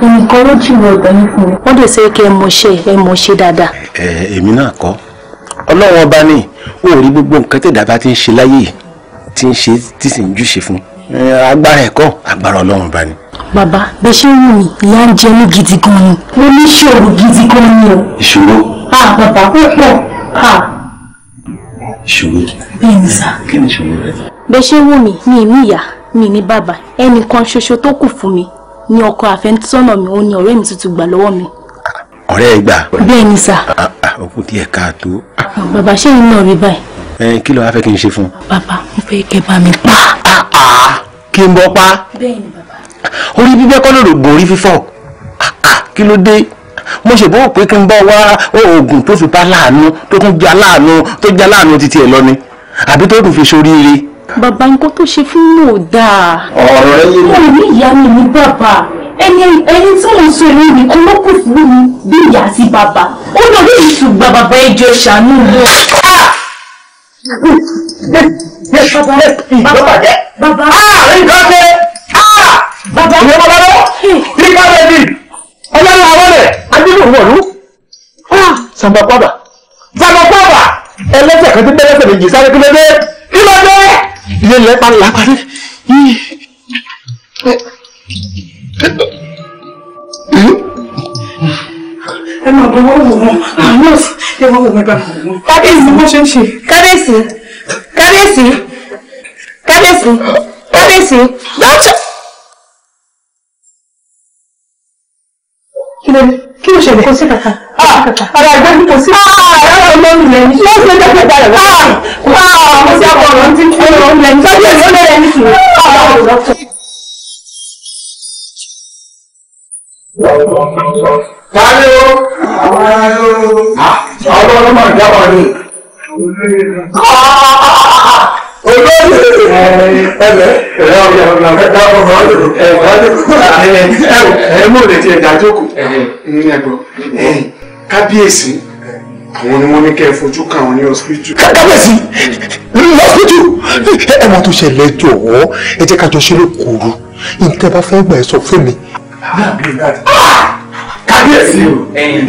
nǹkan ló jùlọ ọ̀gbẹ́ni fún mi. wọ́n dẹ̀ sẹ́ kí ẹ mọ̀ ṣe ẹ mọ̀ ṣe dáadáa. ẹ èmi náà kọ́ ọlọ́run ọba ní o rí gbogbo nǹkan tẹ̀dá bá ti ń ṣe láyé yìí ti ń ṣe tí sì ń júṣe fún agbára ẹ̀kọ́ agbára ọlọ́run ọba ni. bàbá bẹ ṣe wù mí ìyá ń jẹ mí gidi gan ni mo ní ìṣòro gidi gan ni o. ìṣòro. a bàbá ó pọ̀ ìṣòro. bẹ́ẹ̀ ni sà. kí ni ìṣòro rẹ. bẹ ṣe wù mí ni ìmí ìyá mi ní bàbá ẹnìkan ṣoṣo tó kù fún mi ni ọkọ àfẹ́sọ́nà mi òun ni ọ̀rẹ́ mi tuntun gbà lọ́wọ́ mi. ọ̀rẹ́ ẹ gbà. bẹ́ẹ̀ ni sà. òkú ah, ah, díẹ̀ káàtó. bàbá ṣé ìyín náà rí báyìí. ẹ kí ló wá fẹ́ kí n ṣe fún un. bàbá mo fẹ́ kẹ́ bá mi pa. Ah, kí n bọ́ pa. bẹ́ẹ̀ ni bàbá. orí bíbẹ́ kọ́ lòdò gùn orí fífọ́ kí ló dé mo ṣe bọ́ọ̀ pé kí n bọ́ wá oògùn tó fi pa láàánú tó tún jẹ́ aláàánú tó jẹ́ aláàánú títí ẹ̀ lọ ni àbí tó tún fi ṣoríire bàbá nǹkan tó ṣe fún mi ò dáa. ọ̀rọ̀ ẹ yé mi. mo ní ìyá mi ní bàbá ẹni ẹni tí mo sọ èmi mi kọ́ ló kù fún mi bí ìyá àti bàbá ó lọ bí ìṣùgbà bàbá ẹjọ́ ṣàánú mi. bàbá bàbá bàbá. nǹkan ah, ṣe ah, bàbá ìwé bàbá lọ kí ká lè di ọlọ́run àwọn rẹ̀ adínú wọ̀lú. Ah. sàmbà pàbà sàmbà pàbà ẹlẹ́sẹ̀ kan tí bẹ́lẹ́sẹ̀ méjì sáré kí ló dé kí ló dé ilé ilẹ̀ pa là parí. ẹ máa bọ wọ́n wò wọ́n àwọn nọ́ọ̀sì ẹ wọ́n wò wọ́n bá wọ́n wọ́n. kábíyèsí bó ṣe ń ṣe. kábíyèsí kábíyèsí kábíyèsí kábíyèsí. ṣẹlẹ̀? Kò sí kàkà. ní olóyè ẹlẹ ẹlẹ ọgbà ọgbà ẹgbà ọgbà ọdún ẹgbà ọdún ẹmọ lè ti ẹdá jókòó ẹgbọ kábíyèsí àwọn ni wọn ní kẹ fojú kan àwọn ní ọsibítù. kábíyèsí lọ́sibítù ẹ mọ tó ṣẹlẹ̀ jọ̀wọ́ ẹ jẹ́ ká jọ ṣeré kòrò nǹkan bá fẹ́ gbà ẹ sọ fún mi. kábíyèsí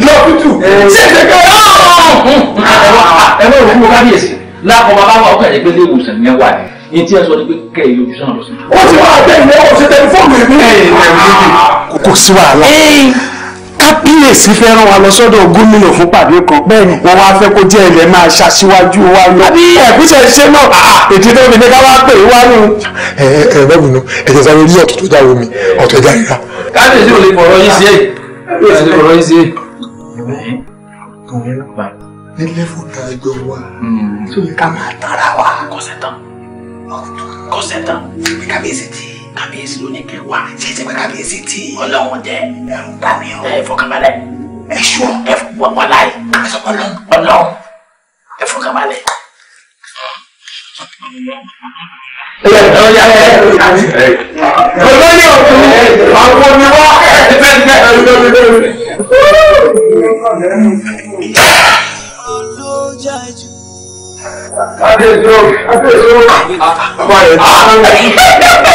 lọ́sibítù ṣe é ṣe kẹ́ ẹ lọ́wọ́ ẹ lọ́wọ́ kábíyèsí lákọ̀ọ́ bàbá wa ó kàn ìwòsàn yẹn wà ní etí ẹ̀ sọ ni pé kẹ́ ẹ̀ yọjú sọ́nà lọ́sàn. ó ti wá àgbẹ̀ ìwé ó ṣe tẹlifóònù èmi. kò sí wàhálà kábíyèsí fẹ́ rán wa lọ sọ́dọ̀ gómìnà fún pàdé kan bẹ́ẹ̀ni wọ́n wá fẹ́ kó jẹ́ ẹ̀lẹ́ máa ṣaṣíwájú wa lọ. ẹ̀gúsẹ̀ ṣe náà ètò tó fi ní ká wá pè é wá ẹ ẹ ẹ ẹ̀jẹ̀ sáré rí ọ̀tún tó dáwọ́ mi ọ̀tún ẹ̀dá ìra. kábíyèsí ò lè fọ̀rọ̀ yín sí ẹ̀ kábíyèsí ò lè fọ̀rọ̀ yín sí ẹ̀ ní lẹ́fù náà jọ wá tó yẹ ká máa tara wa. kọsẹ̀ tán kọsẹ̀ tán bí kábíyèsí tí kábíyèsí ló ní kẹ wá ṣe pé kábíyèsí tí ọlọ́run jẹ́ ẹ̀rù bá mi o. ẹ fọkànbalẹ̀ ẹ ṣọ ẹ wọ́n láì ọlọ́run ọlọ́run ẹ fọkànbalẹ̀. Olóyè ọ̀tún àwọn ni wá jájú. Kábíyèsí o, kábíyèsí o, ọmọ rẹ̀ ti sọ́n mi.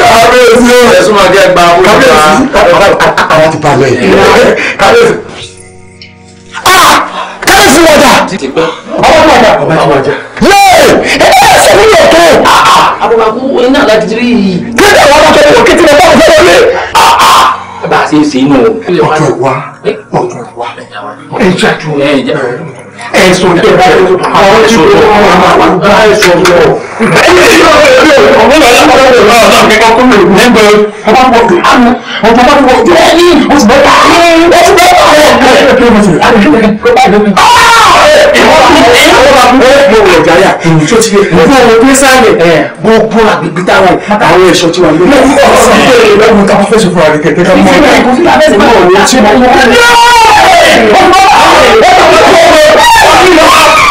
Kábíyèsí o, ẹ̀sùn máa jẹ́ gba owó ìgbà. Àwọn ti balẹ̀. Kábíyèsí. Kábíyèsí wọ̀dà. Ọmọ wọ̀dà. Ọmọ wọ̀dà. Yéè! Ẹgbẹ́ ẹ̀sẹ̀ mi yọ̀ tó. Àbọ̀bàkú iná láti rí yìí. Kí ni àwọn ọmọ tó wọ̀ kí ti lè bá òun fẹ́ wọlé? Bá a ṣe é ṣe inú. Ọjọ́ ìwá. Ọjọ́ ìwá. Ẹ ẹ̀sùn tẹ̀ àwọn tí wọ́n máa ń bá ẹ̀sùn lọ. Gbogbo agbègbè táwọn àwọn ẹ̀ṣọ́ tí wà lórí ọ̀sán ìgbèrè lẹ́gbẹ̀ẹ́ tó fẹ́sùn fún àríkẹ̀kẹ́ kan mọ́. Ìfẹ́ ìkùnfín àbẹ́sẹ̀ mọ́ ọ̀rọ̀ tí wọ́n mọ́. ¡Ay, no!